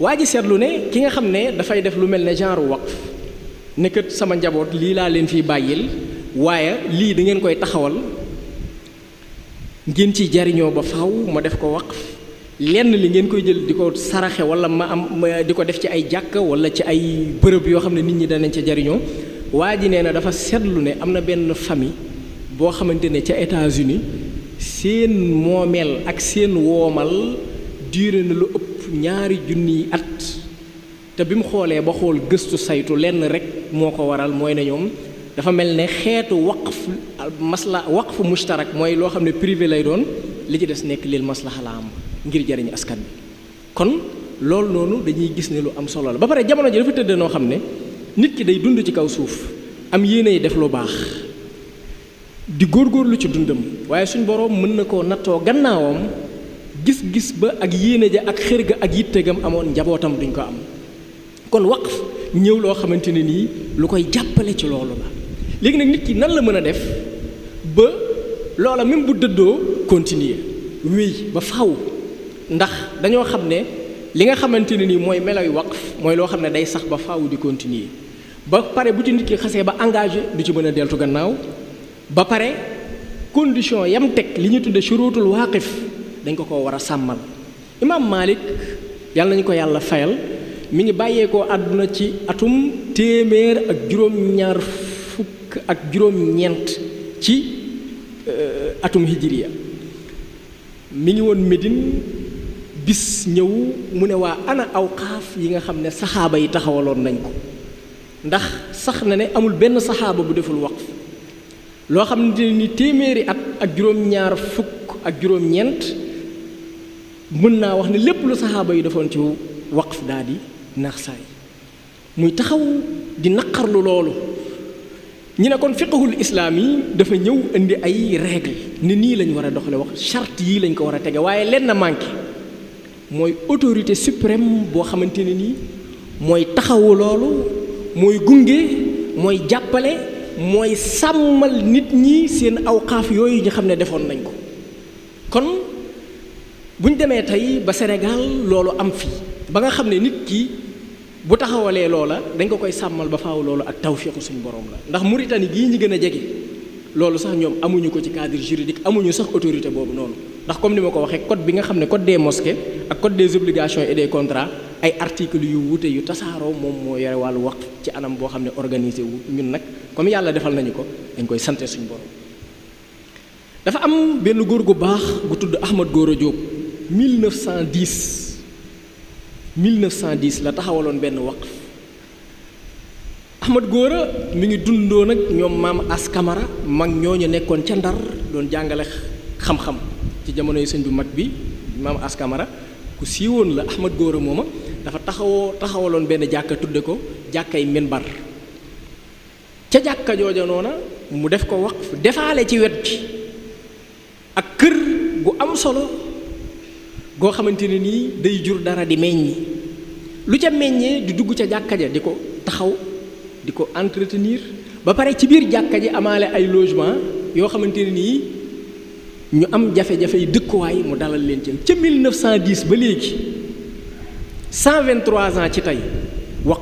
waa ji seetlu ne ki nga xam ne dafay def lu mel ne genre waqf ne sama njaboot lii laa leen fiy bàyyil waaye lii da ngeen koy taxawal ngeen ci jariñoo ba faw ma def ko waqf lenn li ngeen koy jël di ko saraxe wala ma am di ko def ci ay jàkka wala ci ay bërëb yoo xam ne nit ñi danañ ca jariñoo waa ji nee na dafa seetlu ne am na benn famille boo xamante ne ca États-Unis seen moomeel ak seen woomal diire na lu ëpp ñaari yi at te bi mu xoolee ba xool gëstu saytu lenn rek moo ko waral mooy ne ñoom dafa mel ne xeetu waqf masla waqf mushtarak mooy loo xam ne privé lay doon li ci des nekk lil maslaha la am ngir jariñ askan bi kon loolu noonu dañuy gis ne lu am solo la ba pare jamono ji dafa tëdd noo xam ne nit ki day dund ci kaw suuf am yi def lu baax di lu ci dundam waaye suñ boroom mën na koo nattoo gannaawam gis-gis ba ak yéene ja ak xër ga ak yitte gam amoon njabootam duñ ko am kon waqf ñëw loo xamante ne nii lu koy jàppale ci loolu la léegi nag nit ki nan la mën a def ba loola même bu dëddoo continuer wéy ba faw ndax dañoo xam ne li nga xamante ne nii mooy yu waqf mooy loo xam ne day sax ba faw di continuer ba pare bu ci nit ki xasee ba engage du ci mën a deltu gannaaw ba pare condition yam teg li ñu tudde shurutul waaqif dañ ko ko war a sàmmal imaam Malik yàlla nañu ko yàlla fayal mi ngi bàyyeekoo àdduna ci atum téeméer ak juróom-ñaar fukk ak juróom-ñeent ci euh, atum hijiriya mi ngi woon Médine bis ñëw mu ne waa ana awqaaf yi nga xam ne saxaaba yi taxawaloon nañ ko ndax sax na ne amul benn saxaaba bu deful waqf loo xam ne ni téeméeri at ak juróom-ñaar fukk ak juróom-ñeent mën naa wax ne lépp lu saxaaba yi defoon ci waqf daal naax saay muy taxaw di naqarlu loolu ñi ne kon fiqhul islaam yi dafa ñëw indi ay règle ne nii lañ war a doxale wax charte yii lañ ko war a tege waaye lenn na manqué mooy autorité suprême boo xamante ne nii mooy taxawu mooy gunge mooy jàppale mooy sàmmal nit ñi seen xaaf yooyu ñu xam ne defoon nañ ko kon bu ñu demee tey ba Sénégal loolu am fii ba nga xam ne nit ki bu taxawalee loola dañ ko koy sàmmal ba faaw loolu ak tawféexu suñu borom la ndax Mauritanie gii ñi gën a jege loolu sax ñoom amuñu ko ci cadre juridique amuñu sax autorité boobu noonu ndax comme ni ma ko waxee code bi nga xam ne code des mosquées ak code des obligations et des contrats ay articles yu wuute yu tasaaroo moom moo yore wàllu waqf ci anam boo xam ne organisé wu ñun nag comme yàlla defal nañu ko dañ koy sante suñu borom dafa am benn góor gu baax gu tudd Ahmad Gora Diop 1910 1910 la taxawaloon benn waqf Ahmad Góora mu ngi dundoo nag ñoom maam As Kamara mag ñu nekkoon ca Ndar doon jàngale xam-xam ci jamonoy sëñ bu mag bi maam As Kamara ku siiwoon la Ahmad Góora mooma dafa taxawoo taxawaloon benn jàkka tudde ko jàkkay minbar ca jàkka jooja mu def ko waqf defaale ci wet gi ak kër gu am solo goo xamante ne nii day jur dara di meññi lu ca meññee di dugg ca jàkka ja di ko taxaw di ko entretenir ba pare ci biir jàkka ji amaale ay logement yoo xamante ne nii ñu am jafe-jafe yi dëkkuwaay mu dalal leen ci ca 1910 ba léegi 123 ans ci tey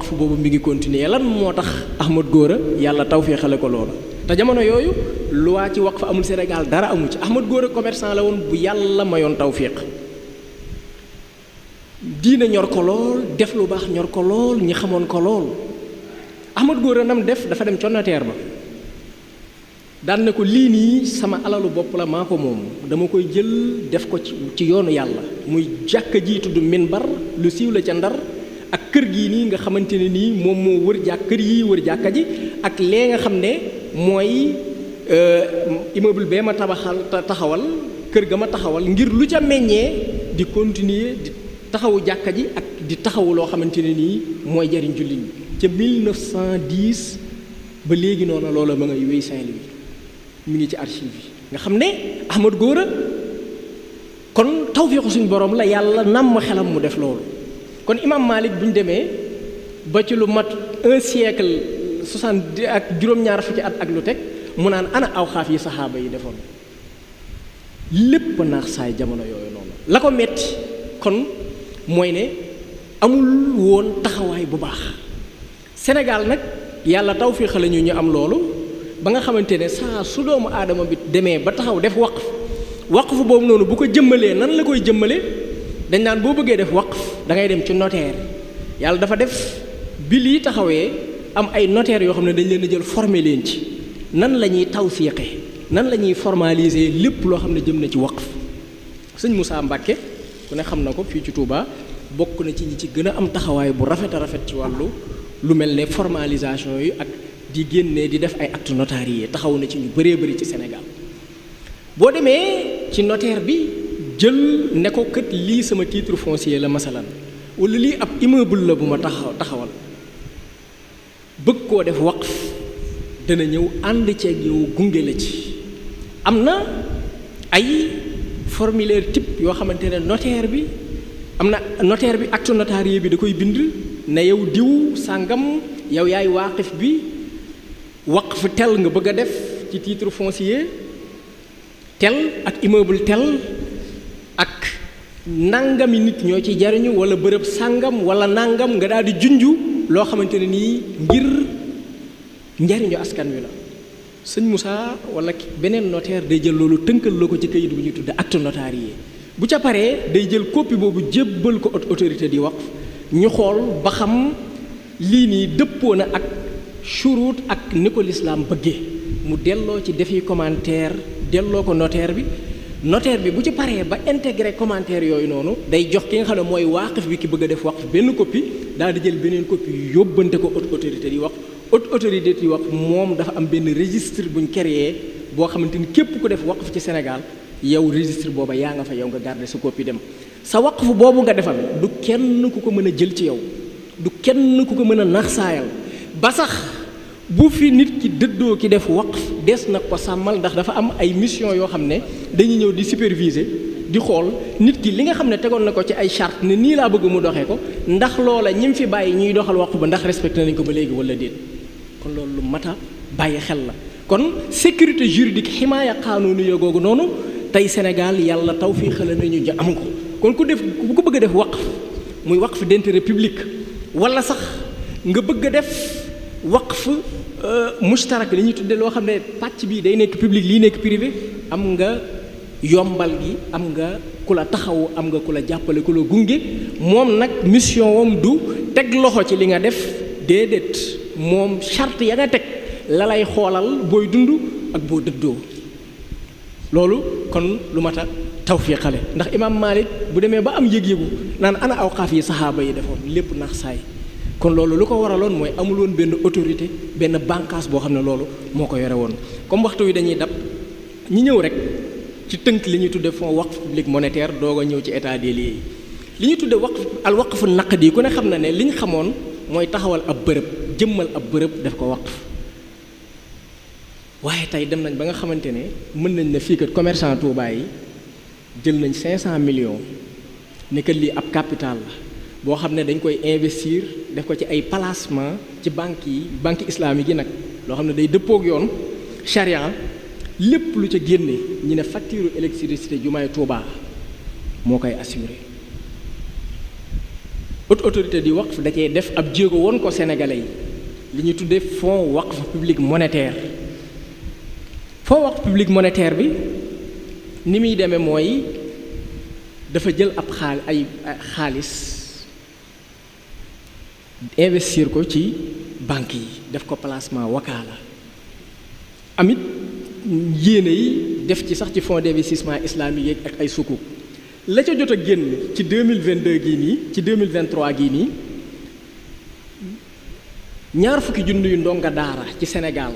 fu boobu mi ngi continuer lan moo tax Ahmad Góora yàlla tawféexale ko loola te jamono yooyu loi ci wax waqf amul Sénégal dara amu ci Ahmad Góora commerçant la woon bu yàlla mayoon tawféex diine ñor ko lool def lu baax ñor ko lool ñi xamoon ko lool Ahmad Gora nam def dafa dem connoteer ba daan na ko lii nii sama alalu bopp la maa ko moom dama koy jël def ko ci yoonu yàlla muy jàkka ji tudd bar lu siiw la ca ndar ak kër gii nii nga xamante ne nii moom moo wër jàkk kër yii wër jàkka ji ak lee nga xam ne mooy euh, immeuble bee ma tabaxal taxawal kër ga ma taxawal ngir lu ca meññee di continuer taxawu jàkka ji ak di taxawu loo xamante ne nii mooy jariñ jullit ñi ca 1910 ba léegi noonu loola ma ngay wéy Saint-Louis mi ngi ci archive yi nga xam ne Ahmad Góora kon tawféexu suñ borom la yàlla nàmm xelam mu def loolu kon imam Malik bu ñu demee ba ci lu mat un siècle soixante ak juróom-ñaar fukki at ak lu teg mu naan ana aw xaaf yi saxaaba yi defoon lépp naax saay jamono yooyu noonu la ko metti kon mooy ne amul woon taxawaay bu baax Sénégal nag yàlla tawféex la ñu ñu am loolu ba nga xamante ne saa su doomu aadama bi demee ba taxaw def waqf waqf boobu noonu bu ko jëmmalee nan la koy jëmmale dañ naan boo bëggee def waqf dangay dem ci notaire yàlla dafa def bi lii taxawee am ay notaire yoo xam ne dañ leen a jël former leen ci nan la ñuy tawfiixe nan la ñuy formaliser lépp loo xam ne jëm na ci waqf sëñ Moussa Mbacke ku ne xam na ko fii ci Touba bokk na ci ñi ci gën a am taxawaay bu rafet a rafet ci wàllu lu mel ne formalisation yi ak di génne di def ay actes yi taxaw na ci ñu bëree bëri ci senegal boo demee ci notaire bi jël ne ko kët lii sama titre foncier la masalan wala lii ab immeuble la bu ma taxaw taxawal bëgg koo def waqf dana ñëw ànd ceeg yow gunge la ci am na ay. formulaire type yoo xamante ne notaire bi am na notaire bi acte notarié bi da koy bind ne yow diw sàngam yow yaay waaqif bi waqf tel nga bëgg a def ci titre foncier tel ak immeuble tel ak nangami nit ñoo ci jariñu wala bërëb sàngam wala nangam nga daal di junju loo xamante ne nii ngir njariñu askan wi la sëñ Moussa wala beneen notaire day jël loolu tënkal la ko ci kayit bu ñuy tudde acte yi bu ca paree day jël copie boobu jébbal ko autorité di wax ñu xool ba xam lii nii dëppoo na ak churut ak ni ko lislaam bëggee mu delloo ci defi commentaire delloo ko notaire bi notaire bi bu ci paree ba intégré commentaire yooyu noonu day jox ki xam ne mooy waaqif bi ki bëgg a def waqf benn koppi daal di jël beneen copie yóbbante ko autorité di waqf haute autorité du waqf moom dafa am benn régistre buñ créé boo xamante ni képp ku def waqf ci Sénégal yow registre booba yaa nga fa yow nga garder sa copie dem sa waqf boobu nga defal du kenn ku ko mën a jël ci yow du kenn ku ko mën a saayal ba sax bu fi nit ki dëddoo ki def waqf des na ko sàmmal ndax dafa am ay mission yoo xam ne dañuy ñëw di superviser di xool nit ki li nga xam ne tegoon na ko ci ay charte ne nii laa bëgg mu doxee ko ndax loola ñim fi bàyyi ñuy doxal waqf ba ndax respecté nañ ko ba léegi wala déet kon loolu lu bàyyi xel la kon sécurité juridique ximaaya xaanoonu ya googu noonu tey Sénégal yàlla taw fii xale nañu ja am ko kon ku def ku ko bëgg a def waqf muy waqf d'intérêt public wala sax nga bëgg a def waqf euh, mustarak li ñuy tudde loo xam ne pàcc bii day nekk public lii nekk privé am nga yombal gi am nga ku la taxawu am nga ku la jàppale ku la gunge moom nag mission wam du teg loxo ci li nga def déedéet moom chart ya nga teg la lay xoolal booy dund ak boo dëddoo loolu kon lu mat a tawfiqale ndax imaam Malik bu demee ba am yëg-yëgu naan ana awqaaf yi saxaaba yi defoon lépp naax saay kon loolu lu ko waraloon mooy amul woon benn autorité benn bànqaas boo xam ne loolu moo ko yore woon comme waxtu wi dañuy dab ñi ñëw rek ci tënk li ñuy tudde fonds waqf public monétaire doog a ñëw ci état des lieux yi li ñu tudde waqf al waqfu naqdi ku ne xam na ne li ñu xamoon mooy taxawal ab bërëb jëmmal ab bërëb def ko waqf waaye tey dem nañ ba nga xamante ne mën nañ ne fii kat commerçant Touba yi jël nañ 500 millions ne kat lii ab capital la boo xam ne dañ koy investir def ko ci ay placement ci banque yi banque islamique yi nag loo xam ne day dëppook yoon charia lépp lu ca génne ñu ne facture ju jumaay Touba moo koy assuré haute autorité di waqf da cee def ab jéego woon ko sénégalais yi li ñuy tuddee fonds waqf public monetaire fonds waqf public monétaire bi ni muy demee mooy dafa jël ab xaal ay xaalis investir ko ci banque yi def ko placement wakaala amit yéene yi def ci sax ci fonds d'investissement islamique yeeg ak ay sukuk la ca jot a génn ci deux mille vingt deux gii nii ci deux mille vingt gii nii. ñaar fukki junni yu ndonga daara ci Sénégal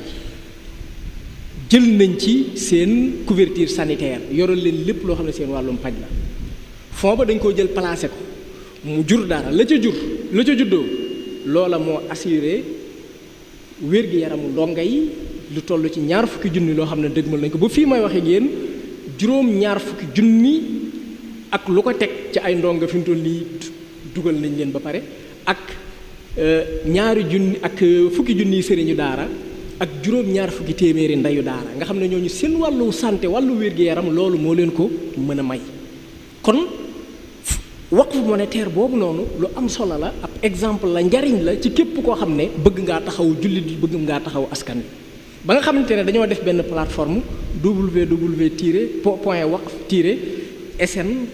jël nañ ci seen couverture sanitaire yoral leen lépp loo xam ne seen wàllum paj la fond dañ koo jël placé ko mu jur daara la ca jur la ca juddoo loola moo assuré wér-gi-yaramu ndonga yi lu toll ci ñaar fukki junni loo xam ne dëgmal nañ ko ba fii may waxee ngeen yéen juróom ñaar fukki junni ak lu ko teg ci ay ndongo fi mu toll nii dugal nañ leen ba pare ak ñaari junni ak euh, fukki junniy ñu daara ak juróom-ñaar fukki téeméeri ndayu daara nga xam ne ñooñu seen wàllu santé wàllu wér-gu-yaram loolu moo leen ko mën a may kon waqf monétaire boobu noonu lu am solo la ab exemple la njariñ la ci képp koo xam ne bëgg ngaa taxaw jullit yi bëgg ngaa taxaw askan wi ba nga xamante ne dañoo def benn plateforme www tiré point waqf tiré sn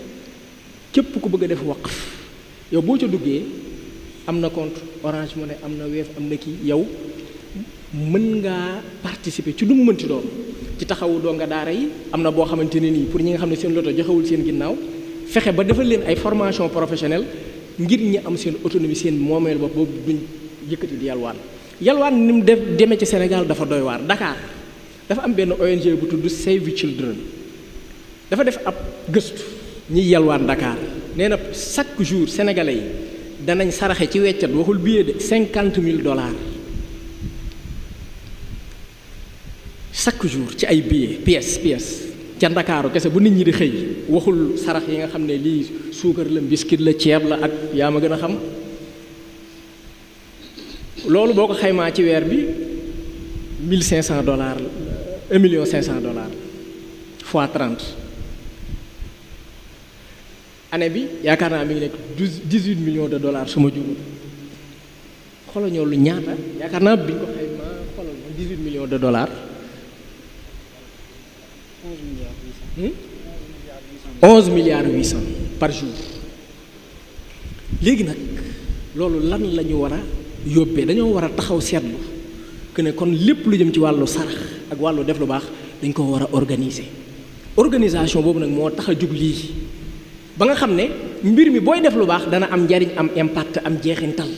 képp ku bëgg a def waqf yow boo ca duggee am na compte orange mu ne am na weef am na kii yow mën nga participer ci lu mu mënti doon ci taxawu doo nga daara yi am na boo xamante ne nii pour ñi nga xam ne seen loto joxewul seen ginnaaw fexe ba defal leen ay formation professionnelle ngir ñi am seen autonomie seen moomeel bopp boobu duñ yëkkati di yalwaan yalwaan ni mu def demee ci Sénégal dafa doy waar Dakar dafa am benn ONG bu tudd Save the Children dafa def ab gëstu ñiy yalwaan Dakar nee na chaque jour sénégalais danañ saraxe ci weccat waxul billet de cinquante mille dollars chaque jour ci ay billets pièce pièce ca ndakaaru kese bu nit ñi di xëy waxul sarax yi nga xam ne lii suukar la mbiskit la ceeb la ak yaa ma gën a xam loolu boo ko xaymaa ci weer bi mille cinq cent dollars un million cinq cent dollars fois trente année bi yaakaar naa mi ngi nekk dix huit millions de dollars su ma juumul xoolal ñoo yaakaar naa bi ñu ko de dollars. Hmm? onze milliards huit cent par jour léegi nag loolu lan lañu ñu war a yóbbee dañoo war a taxaw seetlu que ne kon lépp lu jëm ci wàllu sarax ak wàllu def lu baax dañ ko war a organiser organisation boobu nag moo tax a jug lii. ba nga xam ne mbir mi booy def lu baax dana am njariñ am impact am jeexintal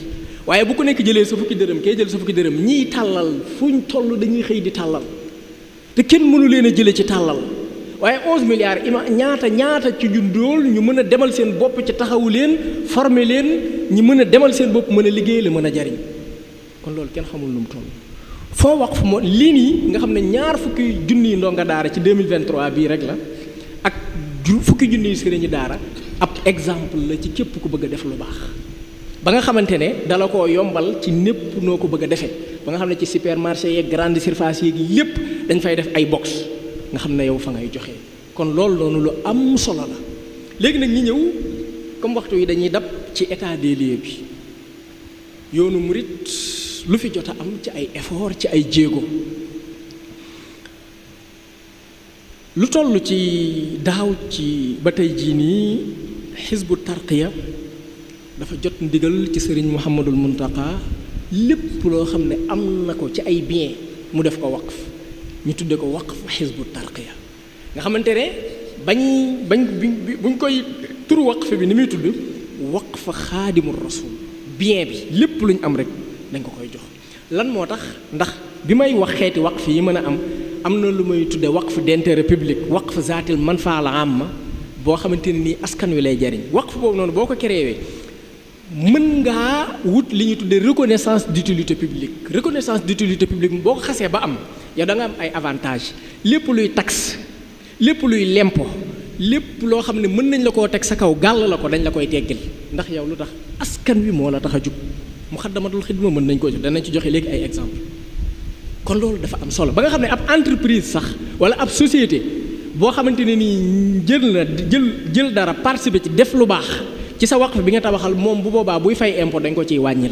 waaye bu ko nekk jëlee sa fukki dërëm kee jël sa fukki dërëm ñiy tàllal ñu toll dañuy xëy di tàllal te kenn mënu leen a jële ci tàllal waaye 11 milliards ima ñaata ñaata ci jundool ñu mën a demal seen bopp ci taxawu leen forme leen ñi mën a demal seen bopp mën a liggéey la mën a jariñ kon loolu kenn xamul lu mu foo wax fu moo lii nii nga xam ne ñaar fukki junniy ndonga daara ci 2023 bii rek la ju fukki junniy sëriñu daara ab exemple la ci képp ku bëgg a def lu baax ba nga xamante ne dala koo yombal ci népp noo ko bëgg a defee ba nga xam ne ci supermarché yee grande surface yeeg lépp dañ fay def ay box nga xam ne yow fa ngay joxe kon loolu noonu lu am solo la léegi nag ñi ñëw comme waxtu yi dañuy dab ci état des bi yoonu murit lu fi jot a am ci ay effort ci ay jéego. lu toll ci daaw ci ba tey jii nii xisbu tarqiya dafa jot ndigal ci sëriñ Mouhamadul Mountakha lépp loo xam ne am na ko ci ay bien mu def ko waqf ñu tudde ko waqf xisbu tarqiya nga xamante ne bañ bañ buñ koy turu waqf bi ni muy tudd waqf xaadimul rasul bien bi lépp lu ñu am rek dañ ko koy jox lan moo tax ndax bi may wax xeeti waqf yi mën a am am na lu may tudde waqf d'intérêt public waqf zaatil manfaal amma boo xamante ne nii askan wi lay jariñ wax waqf boobu noonu boo ko créé mën ngaa wut li ñuy tudde reconnaissance d'utilité publique reconnaissance d'utilité publique boo ko xasee ba am yow danga am ay avantage lépp luy taxe lépp luy lempo lépp loo xam ne mën nañ la koo teg sa kaw gàll la ko dañ la koy teggil ndax yow lu tax askan wi moo la tax a jug mu xaddamatul xidma mën nañ ko danañ ci joxe léegi ay exemple kon loolu dafa am solo ba nga xam ne ab entreprise sax wala ab société boo xamante ne nii jël na jël jël dara participer ci def lu baax ci sa waqf bi nga tabaxal moom bu boobaa buy fay impôt dañ ko ciy wàññil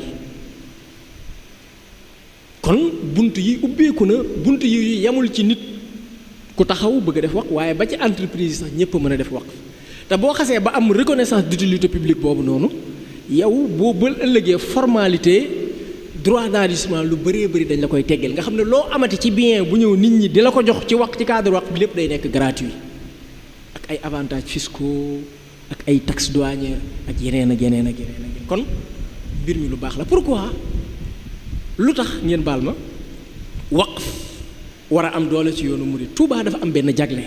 kon bunt yi ubbeeku na bunt yi yemul ci nit ku taxaw bëgg a def waqf waaye ba ci entreprise sax ñëpp mën a def waqf te boo xasee ba am reconnaissance d'utilité publique boobu noonu yow boo ba ëllëgee formalité. droit d'enregistrement lu bëree bëri dañ la koy teggeel nga xam ne loo amati ci bien bu ñëw nit ñi di la ko jox ci wax ci cadre wax bi lépp day nekk gratuit ak ay avantages fiscaux ak ay taxes douanières ak yeneen ak yeneen ak yeneen ak kon mbir mi lu baax la pour pourquoi lu tax ngeen baal ma waqf war a am doole ci yoonu mu murid Touba dafa am benn jagle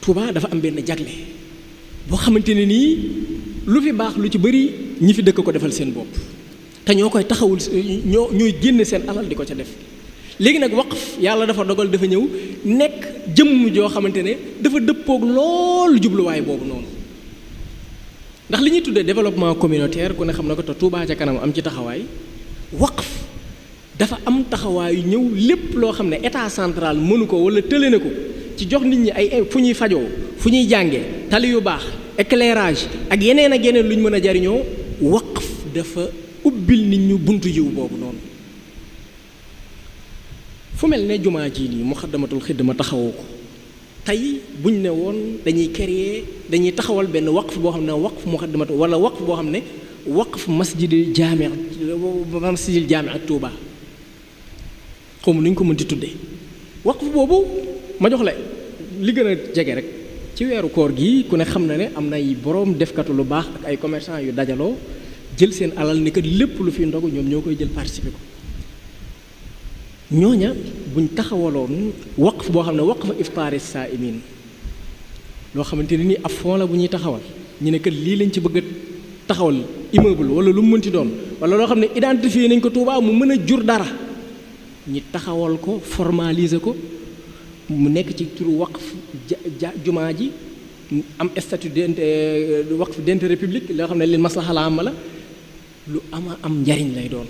Touba dafa am benn jagle boo xamante ne nii lu fi baax lu ci bëri ñi fi dëkk ko defal seen bopp. te ñoo koy taxawul ñoo ñooy génne seen alal di ko ca def léegi nag waqf yàlla dafa dogal dafa ñëw nekk jëmm joo xamante ne dafa dëppook loolu jubluwaay boobu noonu ndax li ñuy tuddee développement communautaire ku ne xam na ko te Touba ca kanam am ci taxawaay waqf dafa am taxawaayu ñëw lépp loo xam ne état central mënu ko wala tële na ko ci jox nit ñi ay fu ñuy fajoo fu ñuy jànge tali yu baax éclairage ak yeneen ak yeneen lu ñu mën a jariñoo waqf ubbil nit ñu buntu yiw boobu noonu fu mel ne jumaa jii nii muxaddamatul xidma taxawoo ko tey buñ ne woon dañuy créer dañuy taxawal benn waqf boo xam ne waqf muxaddamatu wala waqf boo xam ne waqf masjidil jaami masjidil jaami ak Touba xaw ma nu ñu ko mënti tuddee waqf boobu ma jox la li gën a jege rek ci weeru koor gi ku ne xam na ne am na ay boroom defkatu lu baax ak ay commercant yu dajaloo. jël seen alal ni kat lépp lu fi ndogu ñoom ñoo koy jël participer ko ñooña buñ taxawaloon waqf boo xam ne fa waqf iftaari saaimin loo xamante ni nii ab fond la bu ñuy taxawal ñu ne kat lii lañ ci bëgg a taxawal immeuble wala lu mu mënti doon wala loo xam ne identifié nañ ko Tuubaa mu mën a jur dara ñi taxawal ko formaliser ko mu nekk ci turu waqf ja jumaa ji am statut d' euh, waqf d'intérêt public loo xam ne leen maslaxa la am la lu ama am njariñ lay doon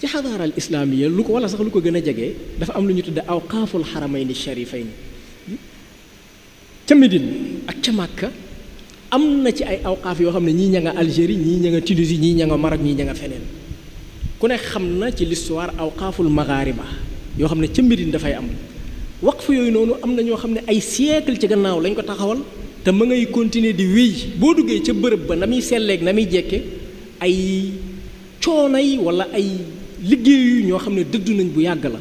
ci xadaara al islaamiya lu ko wala sax lu ko gën a jege dafa am lu ñu tudde awqaaful xaramayni sharifayn ca Médine ak ca Màkka am na ci ay awqaaf yoo xam ne ñii ña nga ñii ña nga Tunisie ñii ña nga Maroc ñii ña feneen ku ne xam na ci l'histoire awqaaful maghariba yoo xam ne ca Médine dafay am waqf yooyu noonu am na ñoo xam ne ay siècle ci gannaaw lañ ko taxawal te ma ngay continuer di wéy boo duggee ca bërëb ba na muy selleeg na muy jekke ay coono yi wala ay liggéeyu ñoo xam ne dëddu nañ bu yàgg la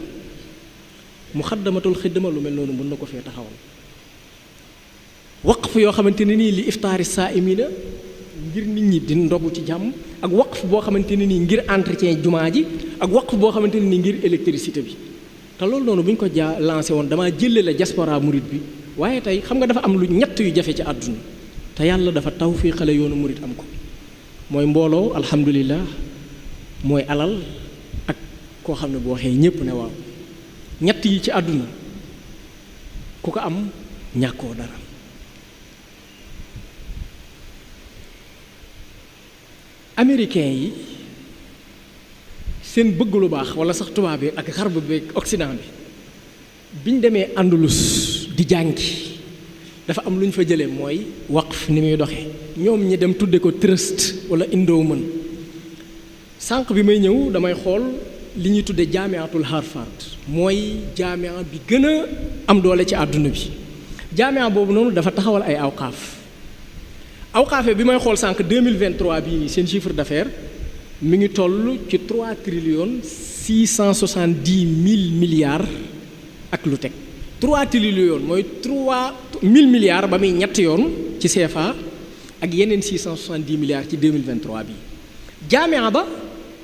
mu xaddamatul xidma lu mel noonu mën na ko fee taxawal waqf yoo xamante ne nii li iftaari saa'imina ngir nit ñi di ndogu ci jàmm ak waqf boo xamante ne nii ngir entretien jumaa ji ak waqf boo xamante ne nii ngir électricité bi te loolu noonu buñ ko jaa lancé woon damaa jëlee la jasporaa murit bi waaye tey xam nga dafa am lu ñett yu jafe ci àdduna te yàlla dafa tawfiixale yoonu murit am ko mooy mbooloo alhamdulilah mooy alal ak koo xam ne bu waxee ñépp ne waaw ñett yi ci àdduna ku ko am ñàkkoo dara américain yi seen bëgg lu baax wala sax tubaab bi ak xarb bi ak occident bi biñ demee Andalus di jàngi dafa am lu ñu fa jëlee mooy waqf ni muy doxee ñoom ñi dem tudde ko trust wala mën sànq bi may ñëw damay xool li ñuy tudde jaamiatul Harvard mooy jaamia bi gën a am doole ci àdduna bi jaamia boobu noonu dafa taxawal ay awqaaf awqaafe bi may xool sànq 2023 bi seen chiffre d'affaires mi ngi toll ci 3 trillions 670 mille milliards ak lu teg 3 trillions mooy 3 mille milliards ba muy ñetti yoon ci CFA ak yeneen 670 milliards ci 2023 bi jaamia ba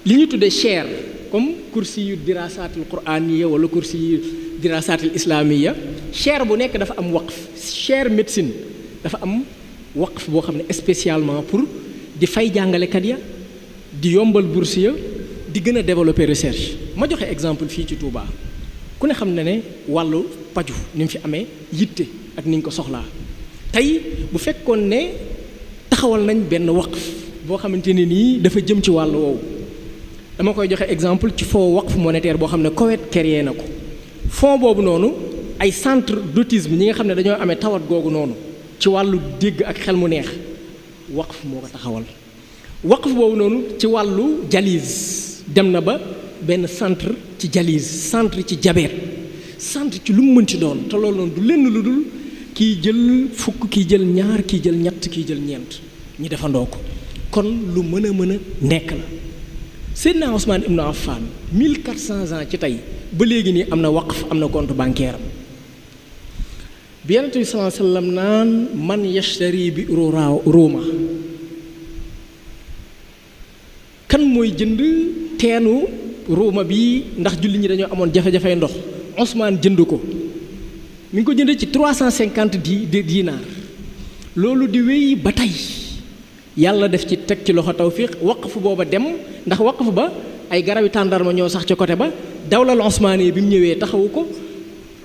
li ñu tuddee chaire comme kursi yu dirasaatul quraaniya wala kursi yu dirasaatul islaamiya chaire bu nekk dafa am waqf chaire médecine dafa am waqf boo xam ne spécialement pour di fay jàngalekat ya di yombal bourse ya di gën a développer recherche ma joxe exemple fii ci Touba ku ne xam ne ne wàllu paju ni mu fi amee yitte ak ni ko soxlaa tey bu fekkoon ne. taxawal nañ benn waqf boo xamante ne nii dafa jëm ci wàll woowu dama koy joxe exemple ci fond waqf monétaire boo xam ne Koweït créé na ko fon boobu noonu ay centre d'autisme ñi nga xam ne dañoo amee tawat googu noonu ci wàllu dégg ak xel mu neex waqf moo ko taxawal waqf boobu noonu ci wàllu dialyse dem na ba benn centre ci dialyse centre ci diabète centre ci lu mu mënti doon te loolu noonu du lenn lu dul kii jël fukk kii jël ñaar kii jël ñett kii jël ñeent ñi defandoo ko kon lu mën a mën a nekk la Seydina Ousmane Ibn Affan 1400 ans ci tey ba léegi nii am na waqf am na compte bancaire am bi yonent bi sallallahu alayhi wasallam naan man yashtari bi rora ruuma kan mooy jënd teenu ruuma bi ndax julli ñi dañoo amoon jafe-jafey ndox Ousmane jënd ko mu ngi ko jënd ci 350 di dinaar loolu di wéy ba tey yàlla def ci teg ci loxo tawfiq waqf booba dem ndax waqf ba ay garab garabi tàndarma ñoo sax ca côté ba dawlal osmaani bi mu ñëwee taxawu ko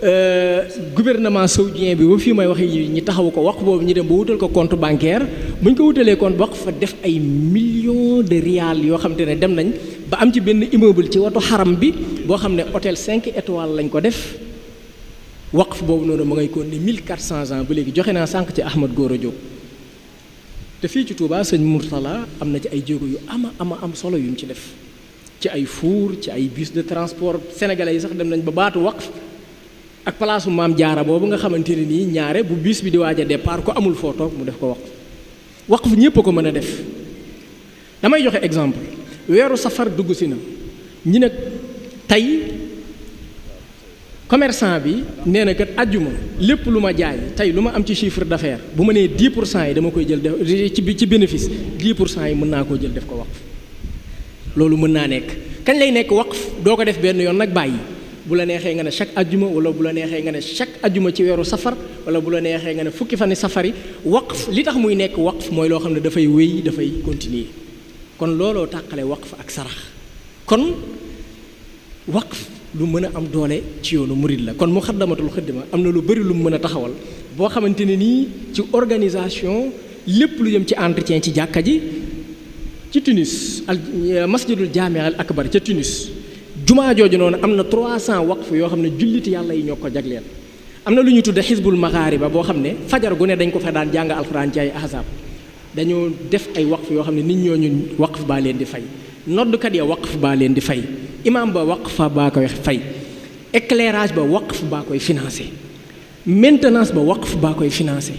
euh, gouvernement saoudien bi ba fii may wax yi ñi taxawu ko waqf boobu ñu dem ba wutal ko compte bancaire bu ko wutalee compte waqf fa def ay millions de rial yoo xam ne dem nañ ba am ci benn immeuble ci watu xaram bi boo xam ne hôtel 5 étoiles lañ ko def waqf boobu noonu ma ngay ko ne 1400 ans ba léegi joxe naa sànq ci Ahmad Gora Diop te fii ci Touba sëñ Mourtala am na ci ay jéego yu ama ama am solo yu yuñ ci def ci ay fuur ci ay bus de transport sénégale yi sax dem nañ ba baatu wax ak palaasu maam jaara boobu nga xamante ne nii ñaare bu biis bi di waaj a départ ko amul foo toog mu def ko wax waqf ñëpp a ko mën a def damay joxe exemple weeru safar dugg si na ñi ne tey commerçant bi nee na kat ajjuma lépp lu ma jaay tey lu ma am ci chiffre d'affaires bu ma nee 10 pour cent yi dama koy jël def ci ci bénéfice 10 pour cent yi mën naa koo jël def ko waqf loolu mën naa nekk kañ lay nekk waqf doo ko def benn yoon nag bàyyi bu la neexee nga ne chaque ajjuma wala bu la neexee nga ne chaque ajjuma ci weeru safar wala bu la neexee nga ne fukki fan safari waqf li tax muy nekk waqf mooy loo xam ne dafay wéy dafay continuer kon looloo tàqale waqf ak sarax kon lu mën a am doole ci yoonu murid la kon mu xaddamatul ma am na lu bari lu mu mën a taxawal boo xamante ne nii ci organisation lépp lu yem ci entretien ci jàkka ji ci Tunis al euh, masjidul jaami al akbar ca Tunis jumaa jooju noonu am na 300 waqf yoo xam ne julliti yàlla yi ñoo ko jagleel am na lu ñu tudde xisbul maxaariba boo xam ne fajar gu ne dañ ko fa daan jàng alxuraan ci ay ahzaab dañoo def ay waqf yoo xam ne nit ñoo ñooñu waqf baa leen di fay noddkat ya waqf baa leen di fay imaam ba waqfa baa koy fay éclairage ba waqf baa koy financé maintenance ba waqf baa koy financé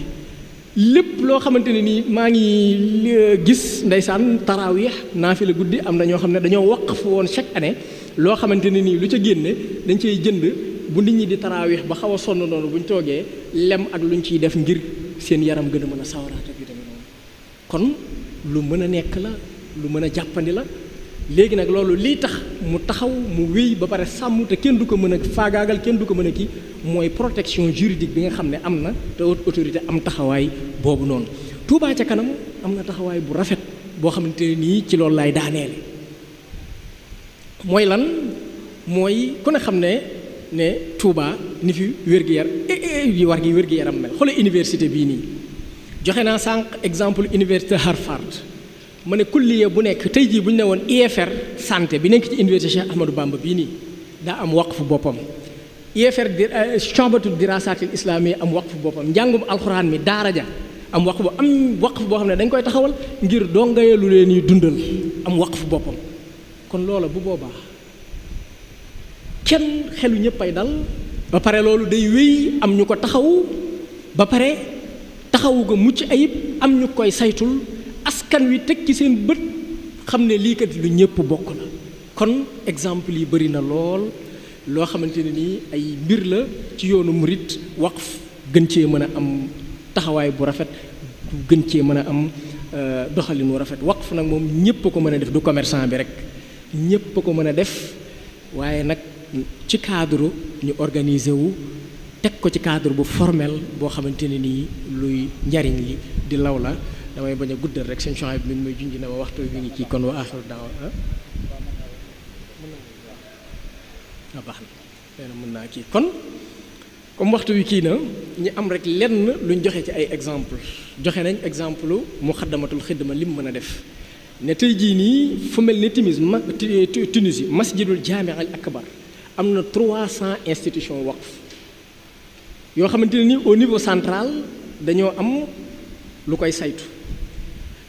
lépp loo xamante ne nii maa ngi euh, gis ndeysaan taraawiix naafila guddi am na ñoo xam ne dañoo waqf woon chaque année loo xamante ne nii lu ca génne dañ cay jënd bu nit ñi di taraawiix ba xaw a sonn noonu bu ñu toogee lem ak lu ñu ciy def ngir seen yaram gën a mën a sawaraat ak yu demee noonu kon lu mën a nekk la lu mën a jàppandi la léegi nag loolu lii tax mu taxaw mu wéy ba pare sàmm te kenn du ko mën a faagaagal kenn du ko mën a kii mooy protection juridique bi nga xam ne am na te autorité am taxawaay boobu noonu Touba ca kanam am na taxawaay bu rafet boo xamante ne nii ci loolu laay daaneel mooy lan mooy ku ne xam ne ne Touba ni fi wér-gu-yaram yi eh, eh, eh, war gi wér-gu-yaram mel xoolal université bii nii joxe naa sànq exemple université Harvard ma ne kulliya bu nekk tey jii bu ñu ne woon IFR sante bi nekk ci université Cheikh Ahmadou Bamba bii nii daa am waq fu boppam IFR di euh, chambatu dirasaatil islaamiya am waqfu boppam njàngum alxuraan mi daara ja am waqfu am waqfu boo xam ne dañ koy taxawal ngir dongayee lu leen yi dundal am waqfu boppam kon loola bu boobaa kenn xelu ñëppay dal ba pare loolu day wéy am ñu ko taxaw ba pare taxawu ko mucc ayib am ñu koy saytul askan wi teg ci seen bët xam ne lii kat lu ñëpp bokk na kon exemple yi bari na lool loo xamante ne nii ay mbir la ci yoonu murit wax gën cee mën a am taxawaay bu rafet gën cee mën a am euh, doxalin wu rafet waqf nag moom ñëpp a ko mën a def du commerçant bi rek ñëpp a ko mën a def waaye nag ci cadre ñu organiser wu teg ko ci cadre bu formel boo xamante ne nii luy njariñ li di law la damay bañ a guddal rek seen champs bi mi ngi may junj na ma waxtu bi ngi ci kon wa aaxiru daaw ah? ah baax mën naa kii kon comme waxtu wi kii na ñi am rek lenn luñ joxe ci ay exemple joxe nañ exemple mu xaddamatul xidma lim mën a def ne tey jii nii fu mel ni timis ma Tunisie masjidul jaami ak akbar am na 300 institution waqf yoo xamante ne ni au niveau central dañoo am lu koy saytu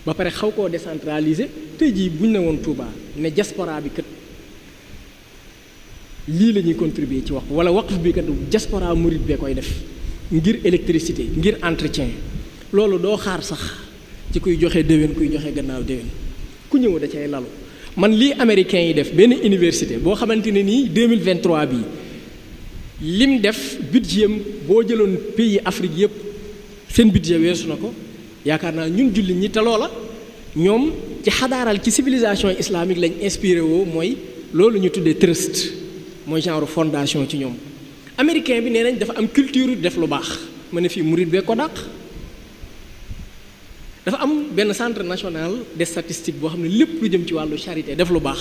ba pare xaw koo décentraliser tey jii buñ ne woon Touba ne diaspora bi kat lii lañuy ñuy contribuer ci wax wala waqf bi kat diaspora murid bee koy def ngir électricité ngir entretien loolu doo xaar sax ci kuy joxe déwén kuy joxe gannaaw déwén ku ñëw da cay lalu man lii américains yi def benn université boo xamante ne nii 2023 bii lim def budget boo jëloon pays Afrique yëpp seen budget weesu na ko. yaakaar naa ñun jullit ñi te loola ñoom ci xadaaral ci civilisation islamique lañ inspiré woo mooy loolu ñu tuddee trust mooy genre fondation ci ñoom américain bi nee nañ dafa am culture def lu baax ma ne fii murit bee ko dàq dafa am benn centre national des statistiques boo xam ne lépp lu jëm ci wàllu charité def lu baax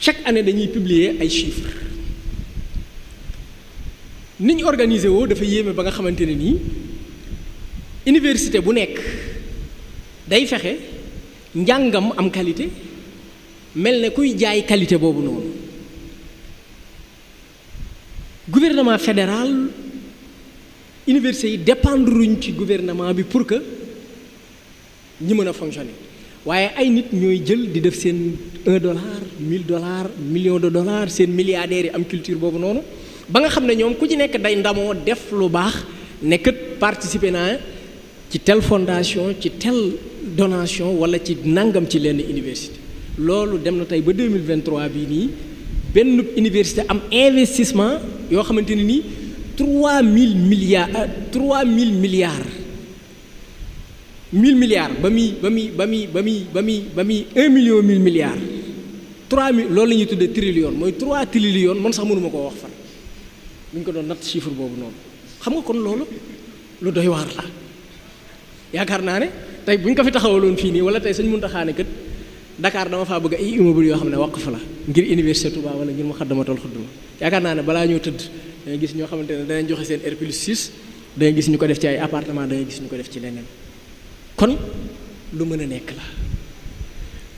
chaque année dañuy publier ay chiffres nit ñu organisé woo dafa yéeme ba nga xamante ne nii université bu nekk day fexe njàngam am qualité mel ne kuy jaay qualité boobu noonu gouvernement fédéral université yi dépendre dépendruñ ci gouvernement bi pour que ñi mën a fonctionner waaye ay nit ñooy jël di def seen un dollar mille dollars million de dollars seen milliardaires yi am culture boobu noonu ba nga xam ne ñoom ku ci nekk day ndamoo def lu baax nekkat participer naa ci telle fondation ci telle donation wala ci nangam ci lenn université loolu dem na tey ba 2023 bii nii benn université am investissement yoo xamante ne nii 3000 milliards 3000 euh, milliards 1000 milliards ba muy ba muy ba muy ba muy ba muy ba muy un million 1000 milliards 3000 loolu la ñuy tuddee trillion mooy 3 trillion man sax mënuma koo wax fan bu ñu ko doon natt chiffre boobu noonu xam nga kon loolu lu doy waar la. yaakaar naa ne tey bu ñu ko fi taxawaloon fii nii wala tey sëñ Muntaxa ne kat Dakar dama faa bëgg ay immeuble yoo xam ne wax waqf la ngir université Touba wala ngir Moukhaddamatoul Khidma yaakaar naa ne balaa ñoo tëdd dangay gis ñoo xamante ne danañ joxe seen R plus dangay gis ñu ko def ci ay appartement dangay gis ñu ko def ci leneen kon lu mën a nekk la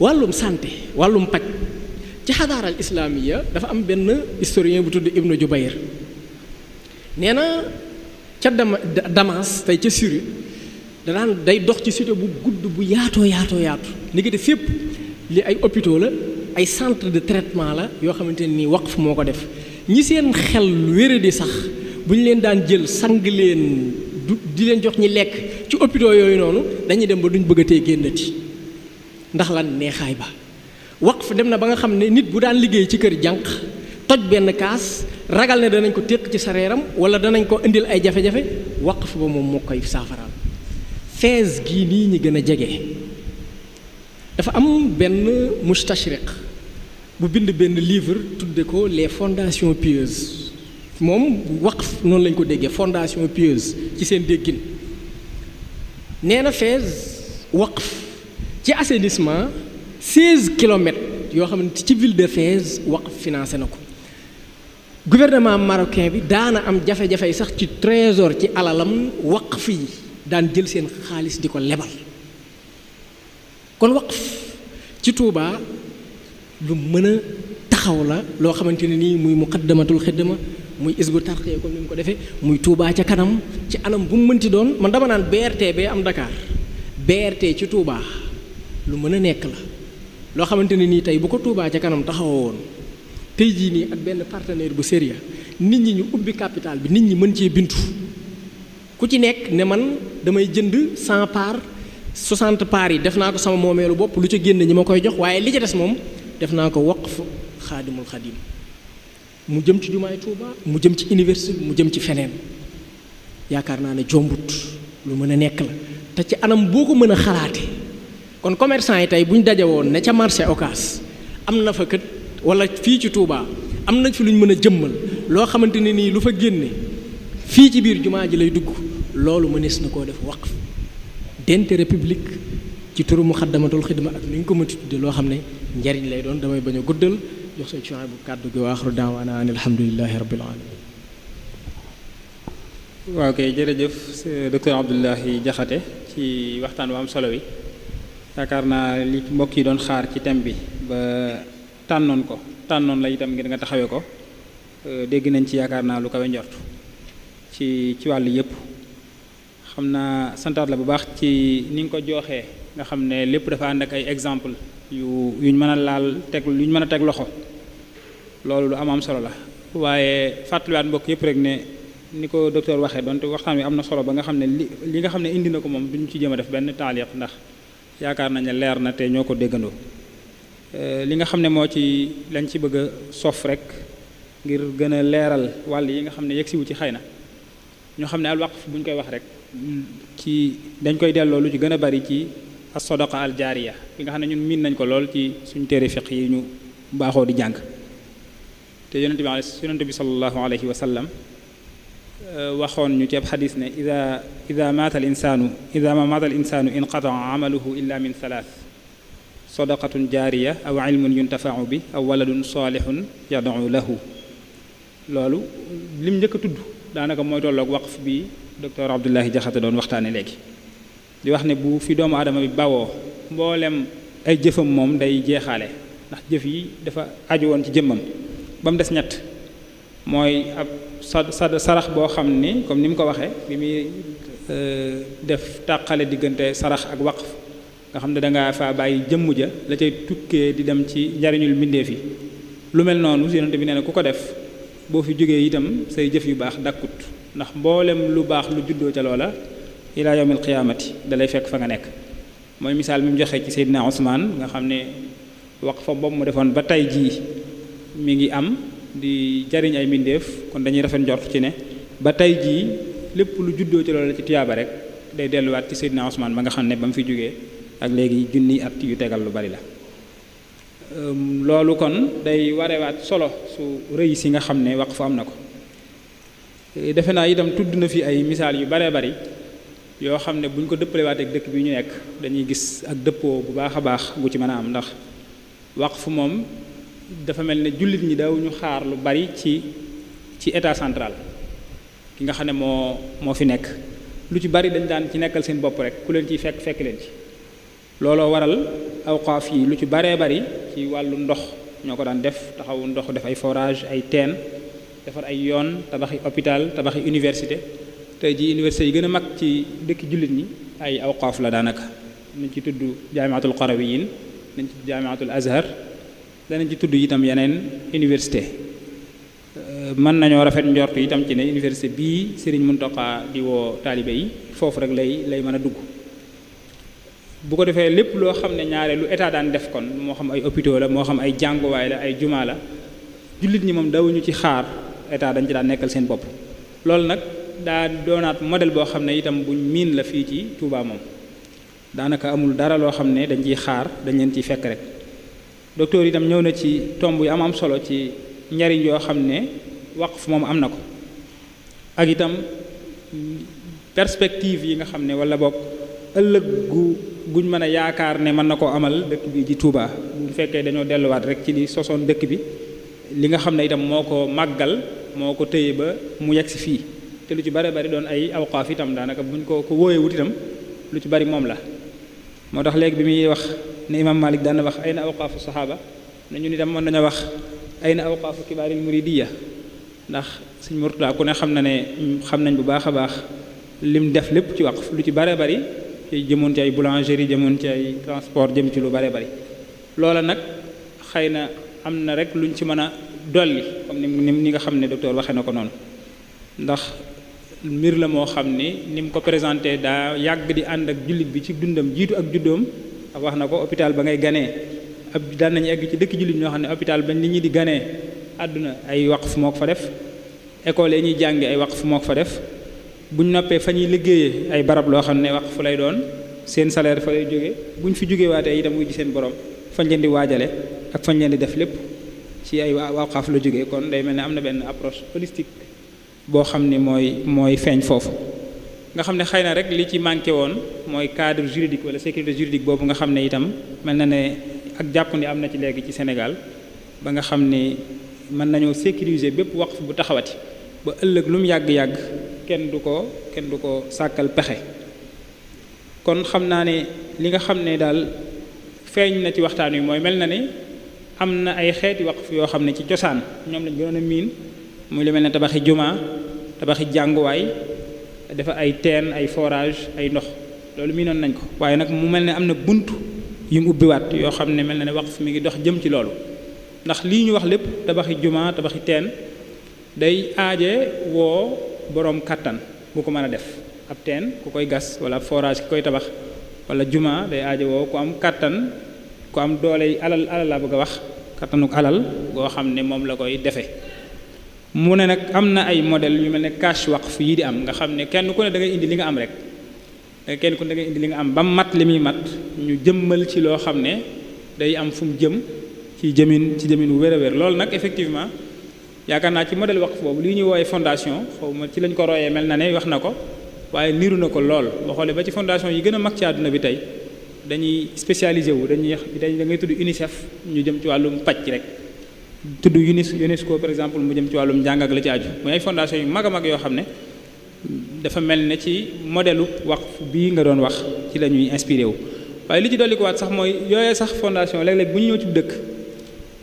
wàllum santé wàllum paj ci xadaaral islaamiya dafa am benn historien bu tudd Ibnu Jubayr nee na ca Damas tey ca Syrie danaan day dox ci cité bu gudd bu yaatoo yaato yaatu léegi fépp li ay hôpitaux la ay centre de traitement la yoo xamante ni waqf moo ko def ñi seen xel wéradi sax bu ñu leen daan jël sang leen du di leen jox ñi lekk ci hôpitaux yooyu noonu dañuy dem ba duñu bëgg a tee génnati ndax lan neexaay ba waqf dem na ba nga xam ne nit bu daan liggéey ci kër jànq toj benn kaas ragal ne danañ ko téq ci sareeram wala danañ ko indil ay jafe-jafe waqf ba moom moo koy saafaraal Fès gii lii ñu gën a jege dafa am benn mustashriq bu bind benn livre tudde ko les fondation pieuses moom waqf noonu lañ ko dégge fondation pieuse ci seen déggin nee na Fès waqf ci assainissement 16 kilomètres yoo xam ne ci ville de Fès wax financé na ko gouvernement marocain bi daana am jafe-jafe sax ci trésor ci alalam waqf yi daan jël seen xaalis di ko lebal kon waqf ci Touba lu mën a taxaw la loo xamante ni nii muy muqaddamatul xidma muy isbu tarxee ko ni mu ko defee muy tuubaa ca kanam ci anam bu mu mënti doon man dama naan BRT bee am dakaar BRT ci tuubaa lu mën a nekk la loo xamante ni nii tey bu ko tuubaa ca kanam woon tey jii nii ak benn partenaire bu sérieux nit ñi ñu ubbi capital bi nit ñi mën cee bintu. ku ci nekk ne man damay jënd 100 parts 60 par yi def naa ko sama moomeelu bopp lu ca génne ñi ma koy jox waaye li ca des moom def naa ko waqf xaadimul xadim mu jëm ci jumaay Tuuba mu jëm ci université mu jëm ci feneen yaakaar naa ne jombut lu mën a nekk la te ci anam boo ko mën a xalaate kon commerçant yi tey buñ dajee woon ne ca marché ocas am na fa kët wala fii ci tuubaa am na fi lu ñu mën a jëmmal loo xamante ne nii lu fa génne fii ci biir jumaa ji lay dugg loolu mënees na koo def waqf d'intérêt public ci turu Muxaddamatul Xidma ak ni ñu ko mënti tudde loo xam ne njariñ lay doon damay bañ a guddal jox seen bu kàddu gi wa aaxiru daawaana an alhamdulillahi rabbil alamin waaw kay jërëjëf docteur Abdoulaye Diakhaté ci waxtaan bu am solo wi yaakaar naa li mbokk yi doon xaar ci thème bi ba tànnoon ko tànnoon la itam ngir nga taxawee ko dégg nañ ci yaakaar naa lu kawe njort ci ci wàll yépp xam naa santaar la bu baax ci ni nga ko jooxee nga xam ne lépp dafa ànd ak ay exemple yu yuñ mën a laal teg yuñ mën a teg loxo loolu lu am am solo la waaye fàttaliwaat mbokk yëpp rek ne ni ko docteur waxee donte waxtaan wi am na solo ba nga xam ne li li nga xam ne indi na ko moom ñu ci jëm a def benn taaliq ndax yaakaar nañ ne leer na te ñoo ko déggandoo euh, li nga xam ne moo ci lañ ci bëgg a sof rek ngir gën a leeral wàll yi nga xam ne yegsiwu ci xëy na xam ne koy wax rek ci dañ koy delloo lu ci gën a bari ci as-sadaqa al-jaariya bi nga xam ne ñun miin nañ ko lool ci suñu téere fiq yi ñu baaxoo di jàng te yonente bi yonente bi sallallahu alayhi wa sallam euh, waxoon ñu ci ab xadis ne ida ida maata al insaanu ida ma maata al insaanu inqataa amaluhu illa min thalath sadaqatun jaariya aw ilmun yuntafau bi aw waladun saalihun yad'u lahu loolu lim njëkk a tudd daanaka mooy tolloog waqf bi docteur Abdoulaye Diakhaté doon waxtaane léegi di wax ne bu fi doomu aadama bi bawoo mboolem ay jëfam moom day jeexaale ndax jëf yi dafa aju woon ci jëmmam ba mu des ñett mooy ab sa sarax boo xam ni comme ni mu ko waxee bi muy euh, def taqale diggante sarax ak waqf nga xam ne dangaa faa bàyyi jëmm ja la cay tukkee di dem ci njariñul mbindeef yi lu mel noonu yonent bi ku ko def boo fi jógee itam say jëf yu baax dàkkut ndax mboolem lu baax lu juddoo ca loola ila yawmil qiyaamati dalay fekk fa nga nekk mooy misaal mi mu joxe ci Seydina Ousmane nga xam ne waqfa boobu mu defoon ba tey jii mi ngi am di jariñ ay mbindeef kon dañuy rafet njort ci ne ba tey jii lépp lu juddoo ci loola ci tuyaaba rek day delluwaat ci Seydina Ousmane ba nga xam ne ba mu fi jógee ak léegi junni at yu tegal lu bari la loolu kon day warewaat solo su rëy si nga xam ne fa am na ko Eh, defe naa itam tudd na fi ay misaal yu baree bari yoo xam ne bu ñu ko dëppalewaatee ak dëkk bi ñu nekk dañuy gis ak dëppoo bu baax a baax gu ci mën a am ndax wax fu moom dafa mel ne jullit ñi daw ñu xaar lu bari ci ci état central ki nga xam ne moo moo fi nekk lu ci bari dañ daan ci nekkal seen bopp rek ku leen ciy fekk fekk leen ci looloo waral awqaaf yi lu ci baree bari ci wàllu ndox ñoo ko daan def taxawu ndox def ay forage ay teen defar ay yoon tabaxi hôpital tabaxi université tey ji université yi gën a mag ci dëkk jullit ñi ay aw xoof la daanaka nañ ci tudd jaamiatul qarawiyin nañ ci tudd jaamiatul azhar danañ ci tudd itam yeneen université euh, mën nañoo rafet njortu itam ci ne université bii Serigne Mountakha di woo taalibe yi foofu rek lay lay mën a dugg bu ko defee lépp loo xam ne ñaare lu état daan def kon moo xam ay hôpitaux la moo xam ay jànguwaay la ay jumaa la jullit ñi état dañ ci daan nekkal seen bopp loolu nag daa doonaat modèle boo xam ne itam buñ miin la fii ci Touba moom daanaka amul dara loo xam ne dañ ciy xaar dañ leen ciy fekk rek yi tam ñëw na ci tomb yu am am solo ci njariñ yoo xam ne waqf moom am na ko ak itam perspective yi nga xam ne wala bokk ëllëg gu guñ mën a yaakaar ne mën na koo amal dëkk bi ci tuubaa bu fekkee dañoo delluwaat rek ci li sosoon dëkk bi li nga xam ne itam moo ko màggal moo ko téye ba mu yegg si fii te lu ci bare bari doon ay awqaaf itam daanaka buñ ko ko wóoyee wut itam lu ci bari moom la moo tax léegi bi muy wax ne imaam Malik daan wax ay na awqaafu saxaaba ne ñun itam mën nañu wax ay na awqaafu kibaaril diya ndax suñ murtala ku ne xam na ne xam nañ bu baax a baax lim def lépp ci waqf lu ci bare bari ci jëmoon ci ay boulangerie jëmoon ci ay transport jëm ci lu bare bari am na rek lu ñu ci mën a dolli comme ni ni nga xam ne docteur waxee na ko noonu ndax mbir la moo xam ni ni mu ko présenté daa yàgg di ànd ak jullit bi ci dundam jiitu ak juddoom ak wax na ko hôpital ba ngay ganee ab daan nañu egg ci dëkk jullit ñoo xam ne hôpital ba nit ñi di ganee àdduna ay waqf moo ko fa def école yi ñuy jànge ay waqf moo ko fa def buñ noppee fa ñuy liggéeyee ay barab loo xam ne fu lay doon seen salaire fa lay jóge buñ fi jógewaatee itam wuy ji seen borom fañ leen di waajale ak fañ leen di def lépp ci ay waqaaf la jógee kon day mel ne am na benn approche holistique boo xam ne mooy mooy feeñ foofu nga xam ne xëy na rek li ci manqué woon mooy cadre juridique wala sécurité juridique boobu nga xam ne itam mel na ne ak jàpp ni am na ci léegi ci Sénégal ba nga xam ne mën nañoo sécuriser bépp wax bu taxawati ba ëllëg lu mu yàgg-yàgg kenn du ko kenn du ko sàkkal pexe kon xam naa ne li nga xam ne daal feeñ na ci waxtaan wi mooy mel na ne am na ay xeeti waqf yoo xam ne ci cosaan ñoom lañ gënoon a miin mu muy la mel ne tabaxi jumaa tabaxi jànguwaay dafa ay teen ay forage ay ndox loolu miinoon nañ ko waaye nag mu mel ne am na bunt yu mu ubbiwaat yoo xam ne mel na ne waqf mu ngi dox jëm ci loolu ndax lii ñu wax lépp tabaxi juma tabaxi teen day aaje woo boroom kàttan bu ko mën a def ab teen ku koy gas wala forage ki koy tabax wala jumaa day aaje woo ku am kàttan ku am doole alal alal laa bëgg wax kattanuk alal goo xam ne moom la koy defee mu ne nag am na ay modèle yu mel ne cash waqf yii di am nga xam ne kenn ku ne dangay indi li nga am rek eh, kenn ku ne da indi li nga am ba mat li muy mat ñu jëmmal ci loo xam ne day am fu mu jëm ci jëmin ci jëmin wu wér a wér loolu nag effectivement yaakaar naa ci modèle waqf boobu li ñuy woowee fondation xaw ma ci lañ ko royee mel na ne wax na ko waaye niru na ko lool boo xoolee ba ci fondation yi gën a mag ci àdduna bi tey dañuy spécialisé wu dañuy dañu da ngay tudd UNICEF ñu jëm ci wàllum paj rek tudd UNESCO par exemple mu jëm ci wàllum njàng ak la ci aju mooy ay fondation yu mag a mag yoo xam ne dafa mel ne ci modelu wax bii nga doon wax ci la ñuy inspiré wu waaye li ci dolli ko waat sax mooy yooyee sax fondation léeg-léeg bu ñu ñëw ci dëkk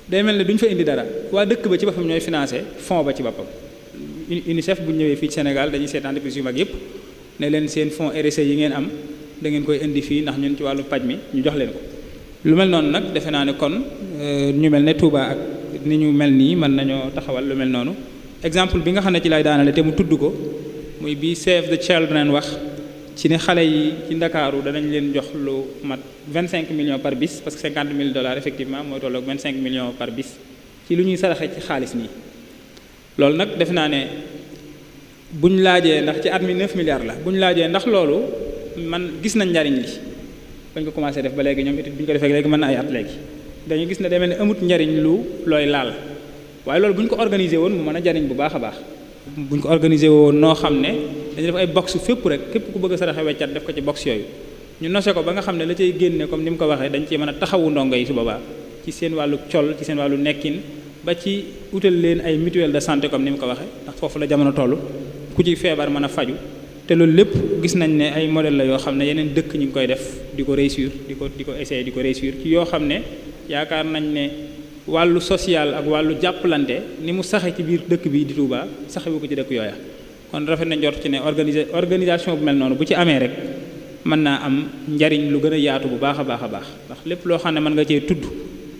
day mel ne duñu fa indi dara waa dëkk ba ci boppam ñooy financé fond ba ci boppam UNICEF bu ñëwee fii Sénégal dañuy seet yu mag yëpp ne leen seen fonds RSE yi ngeen am da ngeen koy indi fii ndax ñun ci wàllu paj mi ñu jox leen ko lu mel noonu nag defe naa ne kon euh, ñu mel ne Touba ak ni ñu mel nii mën nañoo taxawal lu mel noonu exemple bi nga xam ne ci lay daanale te mu tudd ko muy bi Save the Children wax ci ne xale yi ci Ndakaaru danañ leen jox lu mat 25 millions par bis parce que 50 mille dollars effectivement mooy tolloog 25 millions par bis ci lu ñuy saraxe ci xaalis nii loolu nag defe naa ne buñ laajee ndax ci at mi 9 milliards la buñ laajee ndax loolu man gis nañ njariñ li bañ ko commencé def ba léegi ñoom étude bi ko defee léegi mën na ay at léegi dañu gis ne demee ne amut njariñ lu looy laal waaye loolu bu ñu ko organisé woon mu mën a jariñ bu baax a baax bu ñu ko organisé woon noo xam ne dañu def ay box fépp rek képp ku bëgg a saraxe weccat def ko ci box yooyu ñu nose ko ba nga xam ne la cay génne comme ni mu ko waxee dañ ci mën a taxawu ndongo yi su boobaa ci seen wàllu col ci seen wàllu nekkin ba ci utal leen ay mutuelle de santé comme ni mu ko waxee ndax foofu la jamono toll ku ci feebar mën a faju te loolu lépp gis nañ ne ay modèle la yoo xam ne yeneen dëkk ñu ngi koy def di ko réussir di ko di ko essayer di ko réussir ci yoo xam ne yaakaar nañ ne wàllu social ak wàllu jàppalante ni mu saxe ci biir dëkk bii di saxe bu ko ci dëkk yooya kon rafet na njort ci ne organiser organisation bu mel noonu bu ci amee rek mën naa am njariñ lu gën a yaatu bu baax a baax a baax ndax lépp loo xam ne mën nga cee tudd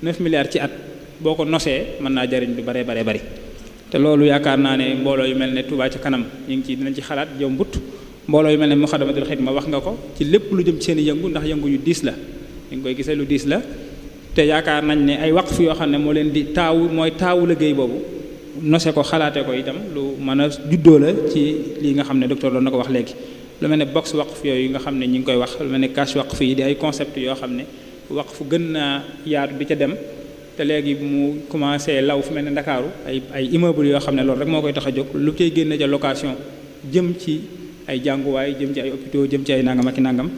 9 milliards ci at boo ko nosee mën naa jariñ lu baree baree bari te loolu yaakaar naa ne mbooloo yu mel ne Touba ci kanam ñu ngi ci dinañ ci xalaat jombut mbooloo yu mel ne Muxaddamatul ma wax nga ko ci lépp lu jëm ci seeni yëngu ndax yëngu yu diis la ñu ngi koy gisee lu diis la te yaakaar nañ ne ay waqf yoo xam ne moo leen di taawu mooy taawu liggéey boobu nose ko xalaatee ko itam lu mën a juddoo la ci lii nga xam ne docteur doon na ko wax léegi lu mel ne box waqf yooyu nga xam ne ñu ngi koy wax lu mel ne cash waqf yi di ay concept yoo xam ne fu gën naa yaat bi ca dem te léegi mu commencé law fu mel ne Ndakaaru ay ay immeuble yoo xam ne loolu rek moo koy tax a jóg lu cay génne ca location jëm ci ay jànguwaay jëm ci ay hôpitaux jëm ci ay nangam ak i nangam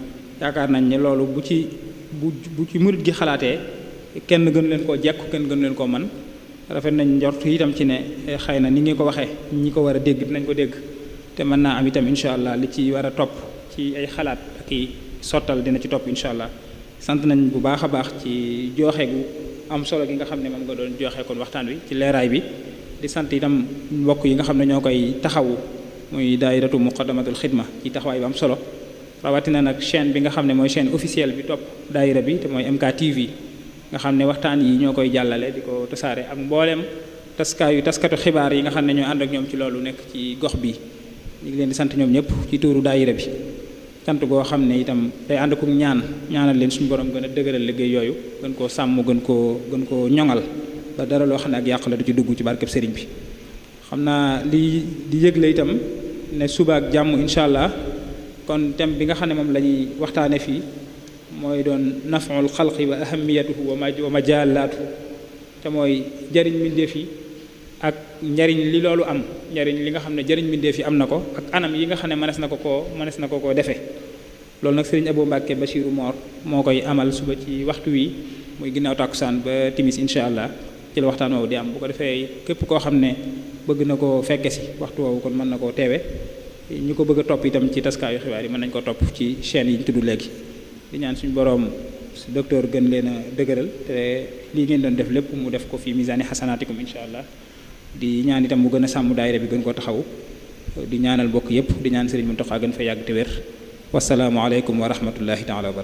yaakaar nañ ne loolu bu ci bu bu ci murit gi xalaatee kenn gën leen koo jekk kenn gën leen koo man rafet nañ njort itam ci ne eh, xëy na ni ngi ko waxee ñi ko war a dégg dinañ ko dégg te mën naa am itam incha allah li ci war a topp ci ay xalaat ak i sottal dina ci topp incha allah sant nañ bu baax a baax ci joxe gu am solo gi nga xam ne moom nga doon joxe kon waxtaan wi ci leeraay bi di sant itam mbokk yi nga xam ne ñoo koy taxawu muy daairatu muqaddamatul xidma ci taxawaay bi am solo rawatina nag chaîne bi nga xam ne mooy chaîne officielle bi topp daaira bi te mooy MKTV nga xam ne waxtaan yi ñoo koy jàllale di ko tasaare ak mbooleem taskaayu taskatu xibaar yi nga xam ne ñoo ànd ak ñoom ci loolu nekk ci gox bi ñu ngi leen di sant ñoom ñëpp ci tuuru daaira bi sant goo xam ne itam day ànd ak ñaan ñaanal leen suñu boroom gën a dëgëral liggéey yooyu gën koo sàmm gën koo gën koo ñoŋal dara loo xam ne ak yàq la du ci dugg ci barkeb sëriñ bi xam naa li di yëgle itam ne suba ak jàmm incha allah kon thème bi nga xam ne moom lañuy ñuy waxtaane fii mooy doon naful xalqi wa ahamiyatuhu wa majaalaatu te mooy njariñ mbindeef yi ak njariñ li loolu am njariñ li nga xam ne njariñ mbindeef yi am na ko ak anam yi nga xam ne mënees na ko koo mënees na ko koo defee loolu nag sëriñ Abou ba Bachirou Mor moo koy amal suba ci waxtu wi muy ginnaaw tàkkusaan ba timis incha allah ci la waxtaan woowu di am bu ko defee képp koo xam ne bëgg na koo fekke si waxtu woow kon mën na koo teewe ñu ko bëgg a topp itam ci taskaayu xibaar yi mën nañ ko topp ci chaîne yi ñu tudd léegi di ñaan suñu boroom su docteur gën leen a dëgëral te lii ngeen doon def lépp mu def ko fi misaani xasanaatikum incha allah di ñaan itam mu gën a sàmm daayira bi gën koo taxaw di ñaanal mbokk yépp di ñaan Sëriñ Muntaxa gën fa yàgg te wér wasalaamualeykum wa rahmatullahi taala wa